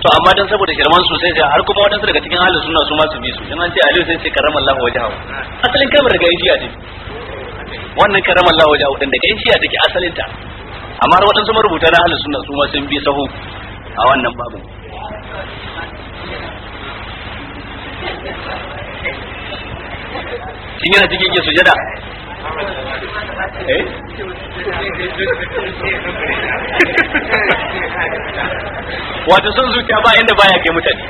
Speaker 1: to amma dan saboda shirman su sai har kuma wadansu daga cikin ahlus sunna su ma su bi su dan an ce aliyu sai karama Allah wajahu asalin kalmar daga injiya ce wannan Allah wajahu din daga injiya take asalin ta
Speaker 3: amma har wadansu marubuta
Speaker 1: na ahlus sunna su ma sun bi sahu a wannan babin kin yana cikin ke sujada
Speaker 3: Eh?
Speaker 1: wato sun zuciya ba inda baya kai mutane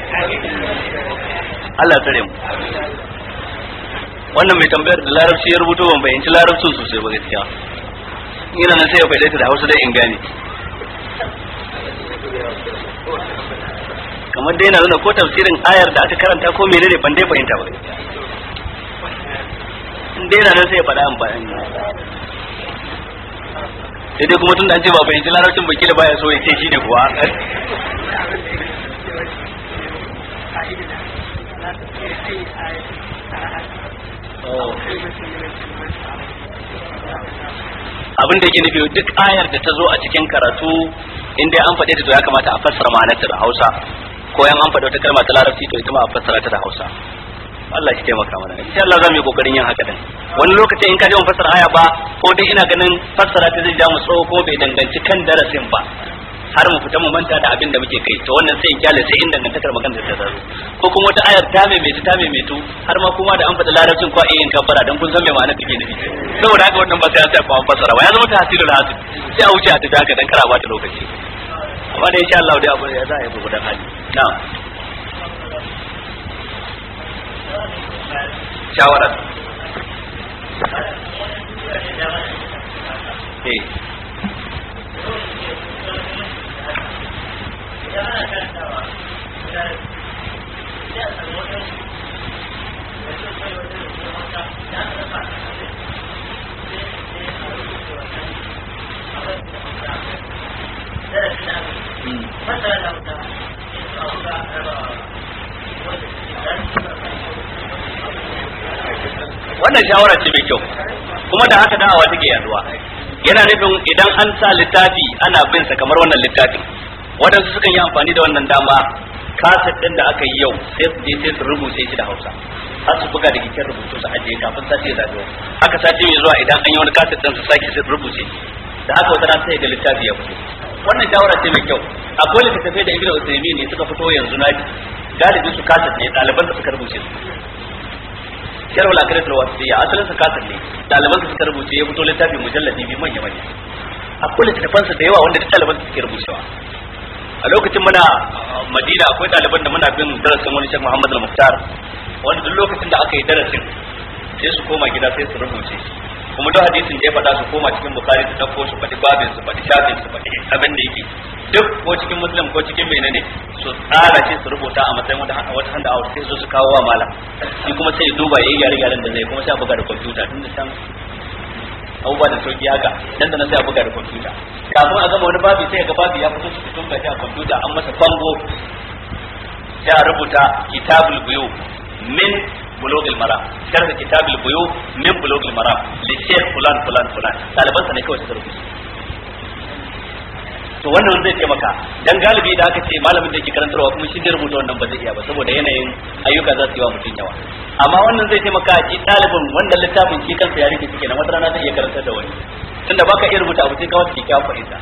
Speaker 1: Allah tsare mu wannan mai tambayar da larabci ya rubuto ban bayyanci larabcin sosai ba gaskiya ina na sai ya faɗe da Hausa dai in gane kamar dai na nuna ko tafsirin ayar da aka karanta ko menene ban dai fahimta ba daina nan sai ya faɗa amfani sai dai kuma tun da an ce ba fahimci larabcin baki da baya so ya ce shi ne kuwa abin da yake nufi duk ayar da ta zo a cikin karatu inda an faɗe ta to ya kamata a fassara ma'anarta da Hausa ko yan an faɗe wata kalma ta Larabci to ita ma a fassara ta da Hausa Allah shi taimaka mana insha Allah zamu yi kokarin yin haka din wani lokaci in ka ji fassara aya ba ko dai ina ganin fassara ta zai ja mu tsoho ko bai danganci kan darasin ba har mu fita mu manta da abin da muke kai to wannan sai in kyale sai in kar magana ta zaro ko kuma wata ayar ta mai mai ta mai mai har ma kuma da an faɗi larabcin kwa in kafara dan kun san me ma'ana take nufi saboda haka wannan ba sai an sai kuma fassara ba ya zama ta da hasil sai a wuce a ta daga dan karawa ta lokaci amma da insha Allah dai abu ya za a yi gudan hali na'am shawarar eh Mm. wannan shawara ce mai kyau kuma da haka da'awa take yaduwa yana nufin idan an sa littafi ana bin sa kamar wannan littafin waɗansu sukan yi amfani da wannan dama kaset ɗin da aka yi yau sai su je sai su rubuce shi da Hausa har su buga da gikin rubutu su ajiye kafin sati ya zaɓi haka sati mai zuwa idan an yi wani kaset ɗin su sake su rubuce da haka wata ran sai ga littafi ya fito wannan shawara ce mai kyau akwai littattafai da ibnu usaymin ne suka fito yanzu na ji galibin su kasat ne ɗaliban da suka rubuce su sharhul akidat alwasiya asalin su kasat ne ɗaliban da suka rubuce ya fito littafi mujalladi bi manya manya akwai littattafan su da yawa wanda duk ɗaliban da suke rubucewa a lokacin muna uh, madina akwai ɗaliban da muna bin darasin wani shek muhammad al mustar wanda duk lokacin da aka yi darasin sai su koma gida sai su rubuce shi kuma duk hadisin da ya faɗa su koma cikin bukari su ɗauko su faɗi babin su faɗi shafin su faɗi abin da yake duk ko cikin muslim ko cikin menene su tsara shi su rubuta a matsayin wata wata handa awar sai su kawo wa malam shi kuma sai duba yayi gyare gyaren da zai kuma sai a buga da kwamfuta tun da san abubuwa da sauki haka dan da na sai a buga da kwamfuta kafin a gama wani babi sai ga babi ya fito su fitun gashi a kwamfuta an masa kwango sai a rubuta kitabul biyu min بلوغ al شرح كتاب kitab من بلوغ min للشيخ فلان maram فلان shaykh fulan fulan fulan ɗaliban to wannan zai taimaka dan galibi da aka ce malamin da yake karantarwa kuma shi da rubuta wannan ba zai iya ba saboda yanayin ayyuka za su yi wa mutum yawa amma wannan zai taimaka shi ɗalibin wanda littafin shi kansa ya rike cike na wata zai iya karantar da wani tunda baka iya rubuta abu sai ka kawai kyakkyawan fahimta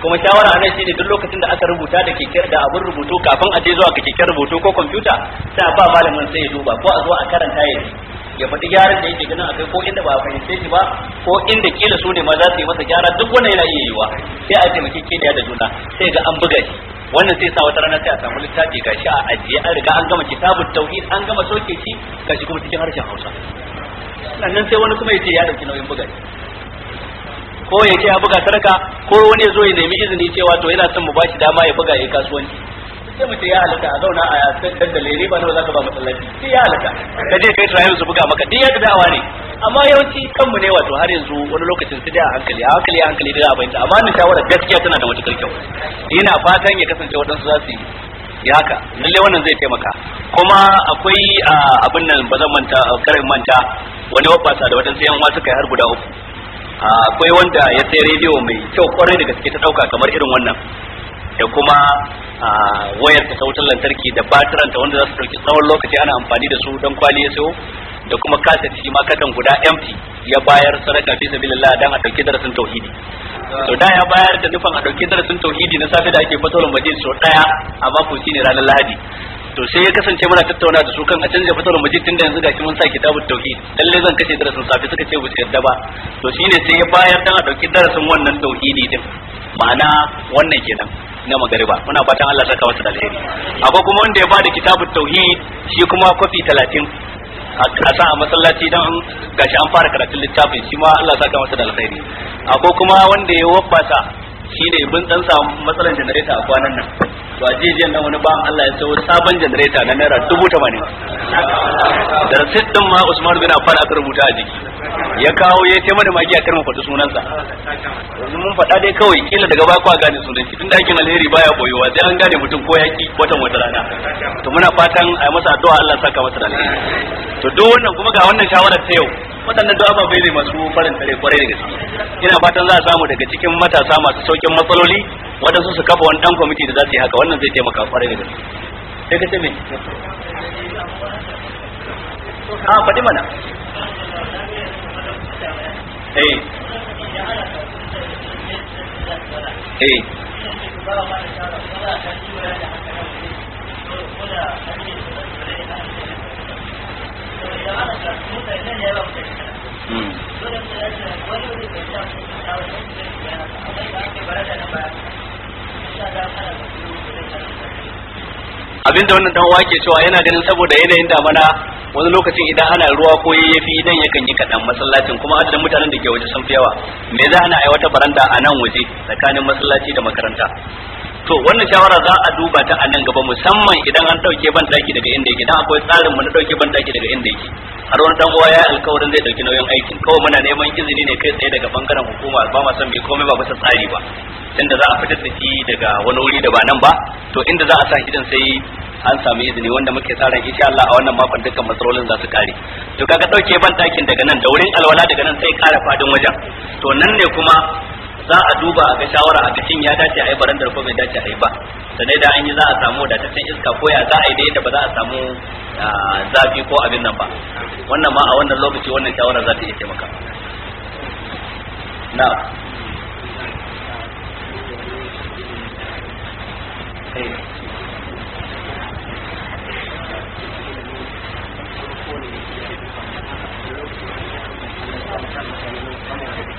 Speaker 1: kuma shawara a shi shine duk lokacin da aka rubuta da abin rubutu kafin a je zuwa ga keken rubutu ko kwamfuta ta ba malamin sai ya duba ko a zo a karanta ya ya faɗi gyaran da yake ganin akai ko inda ba a fahimce shi ba ko inda kila su ne ma za su yi masa gyara duk wani yana iya yiwa sai a taimaki ke da juna sai ga an buga shi wannan sai sa wata rana sai a samu littafi shi a ajiye an riga an gama kitabut tauhid an gama soke shi gashi kuma cikin harshen Hausa sannan sai wani kuma ya ce ya ɗauki nauyin buga shi ko ya ce ya buga sarka ko wani zo ya nemi izini cewa to yana son mu bashi dama ya buga ya kasuwanci sai mu ce ya halaka a zauna a daddale riba nawa ka ba masallaci sai ya halaka ka je kai trial su buga maka duk ya da'awa ne amma yawanci kanmu ne wato har yanzu wani lokacin su da hankali a hankali a hankali da abin a amma ni shawara gaskiya tana da matukar kyau ina fatan ya kasance waɗansu za su yi ya haka lalle wannan zai taimaka kuma akwai ah, abin nan ba zan manta karin manta wani wabasa da waɗansu yan wasu kai har guda uku akwai wanda ya sai rediyo mai kyau kwarai da gaske ta dauka kamar irin wannan da kuma wayar ta wutar lantarki da batiran ta wanda za su dauki tsawon lokaci ana amfani da su don kwali ya sayo da kuma kasa ciki ma katan guda empty ya bayar sadaka fi sabilillah dan a dauki darasin tauhidi to da ya bayar da nufin a dauki darasin tauhidi na safe da ake fatawar majid so daya a mako shine ranar lahadi to sai ya kasance muna tattauna da su kan a canza fatar majid tunda yanzu gashi mun sa kitabun tauhid lalle zan kace darasin safi suka ce ba yadda ba to shine sai ya bayar dan a dauki darasin wannan tauhidi din ma'ana wannan kenan na magariba muna fatan Allah saka masa alheri akwai kuma wanda ya bada kitabun tauhid shi kuma kofi 30 a sa a masallaci dan gashi an fara karatun littafin shi ma Allah saka masa da alheri akwai kuma wanda ya wabbata shine bin dan samu matsalan janareta a kwanan nan to a jijiyar nan wani bawan Allah ya sayo sabon janareta na naira dubu tamanin da rasit din ma Usman bin Affan aka rubuta a jiki ya kawo ya taimaka da magiya karin faɗi sunansa yanzu mun faɗa dai kawai kila daga baku ko a gane sunan shi tunda aikin alheri baya boyewa sai an gane mutum ko yaki watan wata rana to muna fatan a masa addu'a Allah saka masa da to duk wannan kuma ga wannan shawarar ta yau waɗannan duk ababai ne masu farin tare kwarai da gaske ina fatan za a samu daga cikin matasa masu saukin matsaloli waɗansu su kafa wani ɗan kwamiti da za su yi haka wannan zai taimaka kwarai da gaske sai ka ce me
Speaker 3: a faɗi mana eh eh
Speaker 1: abinda wannan dan wake cewa yana ganin saboda yanayin damana wani lokacin idan ana ruwa ko yayyafi idan yakan yi kaɗan masallacin kuma adadin mutanen da ke waje sun fi yawa me za ana aiwata baranda a nan waje tsakanin masallaci da makaranta to wannan shawara za a duba ta a nan gaba musamman idan an dauke ban daki daga inda yake dan akwai tsarin mu na dauke ban daki daga inda yake har wani dan uwa ya alkawarin zai dauki nauyin aikin kawai muna neman izini ne kai tsaye daga bangaren hukuma ba ma san me komai ba bisa tsari ba inda za a fitar da shi daga wani wuri da ba nan ba to inda za a sa gidan sai an samu izini wanda muke tsarin insha Allah a wannan makon dukkan matsalolin za su kare to kaga dauke ban daga nan da wurin alwala daga nan sai kara fadin wajen to nan ne kuma za a duba a ga shawara a ga ya dace a yi barandar ko bai dace a yi ba sannan da an yi za a samu wadataccen iska ko ya za a yi da yadda ba za a samu ah, zafi ko abin nan ba wannan ma a wannan lokaci wannan shawara za ta iya taimaka na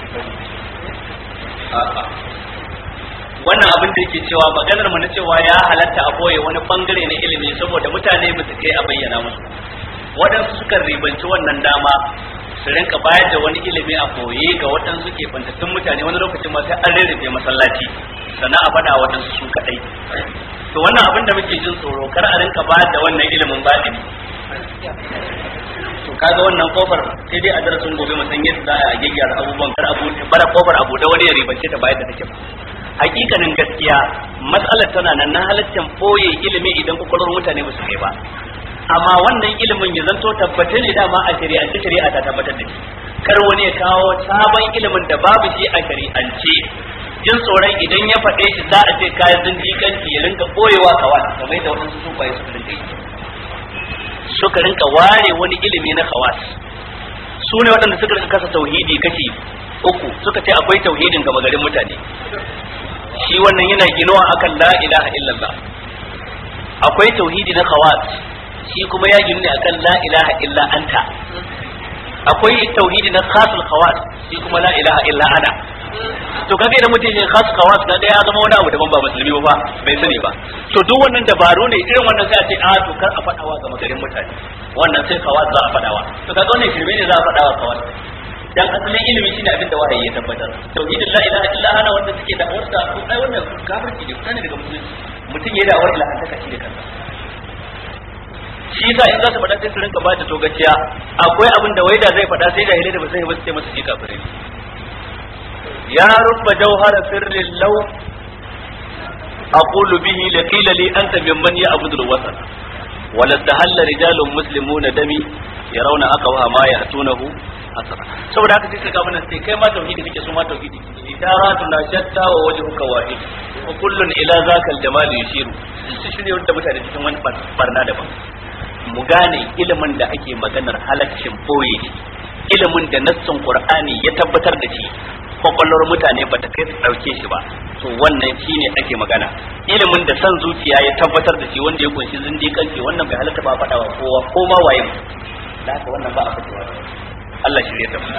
Speaker 1: Thank you. a'a wannan abin da yake cewa maganar mu na cewa ya halatta a boye wani bangare na ilimi saboda mutane mu take a bayyana musu waɗansu suka ribanci wannan dama su rinka bayar da wani ilimi a boye ga waɗansu ke fantattun mutane wani lokacin ma sai an rarrabe masallaci sannan a faɗa waɗansu su kaɗai to wannan abin da muke jin tsoro kar a rinka bayar da wannan ilimin
Speaker 3: ne.
Speaker 1: kaga wannan kofar sai dai a darasin gobe mu san yadda za a gyaggyara abubuwan kar abu bara kofar abu da wani ya ribance ta bayan da take hakikanin gaskiya matsalar tana nan na halaccin boye ilimi idan kwakwalwar mutane ba su kai ba amma wannan ilimin ya zanto tabbatar ne dama a shari'ance shari'a ta tabbatar da shi kar wani ya kawo sabon ilimin da babu shi a shari'ance jin tsoron idan ya faɗe shi za a ce kayan zindiƙanci ya rinka ɓoyewa kawai kamar da waɗansu su kwaye su rinka yi suka rinka ware wani ilimi na khawas su ne waɗanda suka rinka kasa tauhidi kashi uku suka ce akwai tauhidin gama garin mutane shi wannan yana ginuwa akan la ilaha illallah akwai tauhidi na khawas shi kuma ya ginu ne akan la ilaha illa anta akwai tauhidi na khasul khawas shi kuma la ilaha illa ana to kaga idan mutum yin kasu khawas ka ya zama wani abu daban ba musulmi ba bai sani ba to duk wannan dabaru ne irin wannan sai a ce a ah, to kar a fadawa ga magarin mutane wannan sai khawas za a fadawa to kaga wannan shirme ne za a fadawa khawas dan asalin ilimi shine abin da wahayi ya tabbatar tauhidin la ila illa ana wanda suke da wanda ko ai wannan kafirci ne kana daga musulmi mutum ya da awar ka shi da kansa shi yasa in za su faɗa sai su rinka ba ta togaciya akwai abin da waida zai faɗa sai da hile da ba sai ba su ce masa shi kafirai ya rubba jauhara sirrin lau aqulu bihi laqila a anta mimman ya'budu al-watan wala tahalla rijalun muslimuna dami yarawna aqwa ma ya'tunahu hasara saboda haka sai kaga wannan sai kai ma tauhidi kake so ma tauhidi idaratu na shatta wa wajhuka wahid wa kullun ila zaka al-jamal yushiru shi shine wanda mutane cikin wani mu gane ilimin da ake maganar halaccin boye ilimin da nassin qur'ani ya tabbatar da shi kwakwalwar mutane ba ta kai su ɗauke shi ba to wannan shi ne ake magana ilimin da san zuciya ya tabbatar da shi wanda ya kunshi zindiƙanci wannan bai halatta ba faɗa wa kowa ko ma waye da haka wannan ba a fitowa Allah shi ya tabbata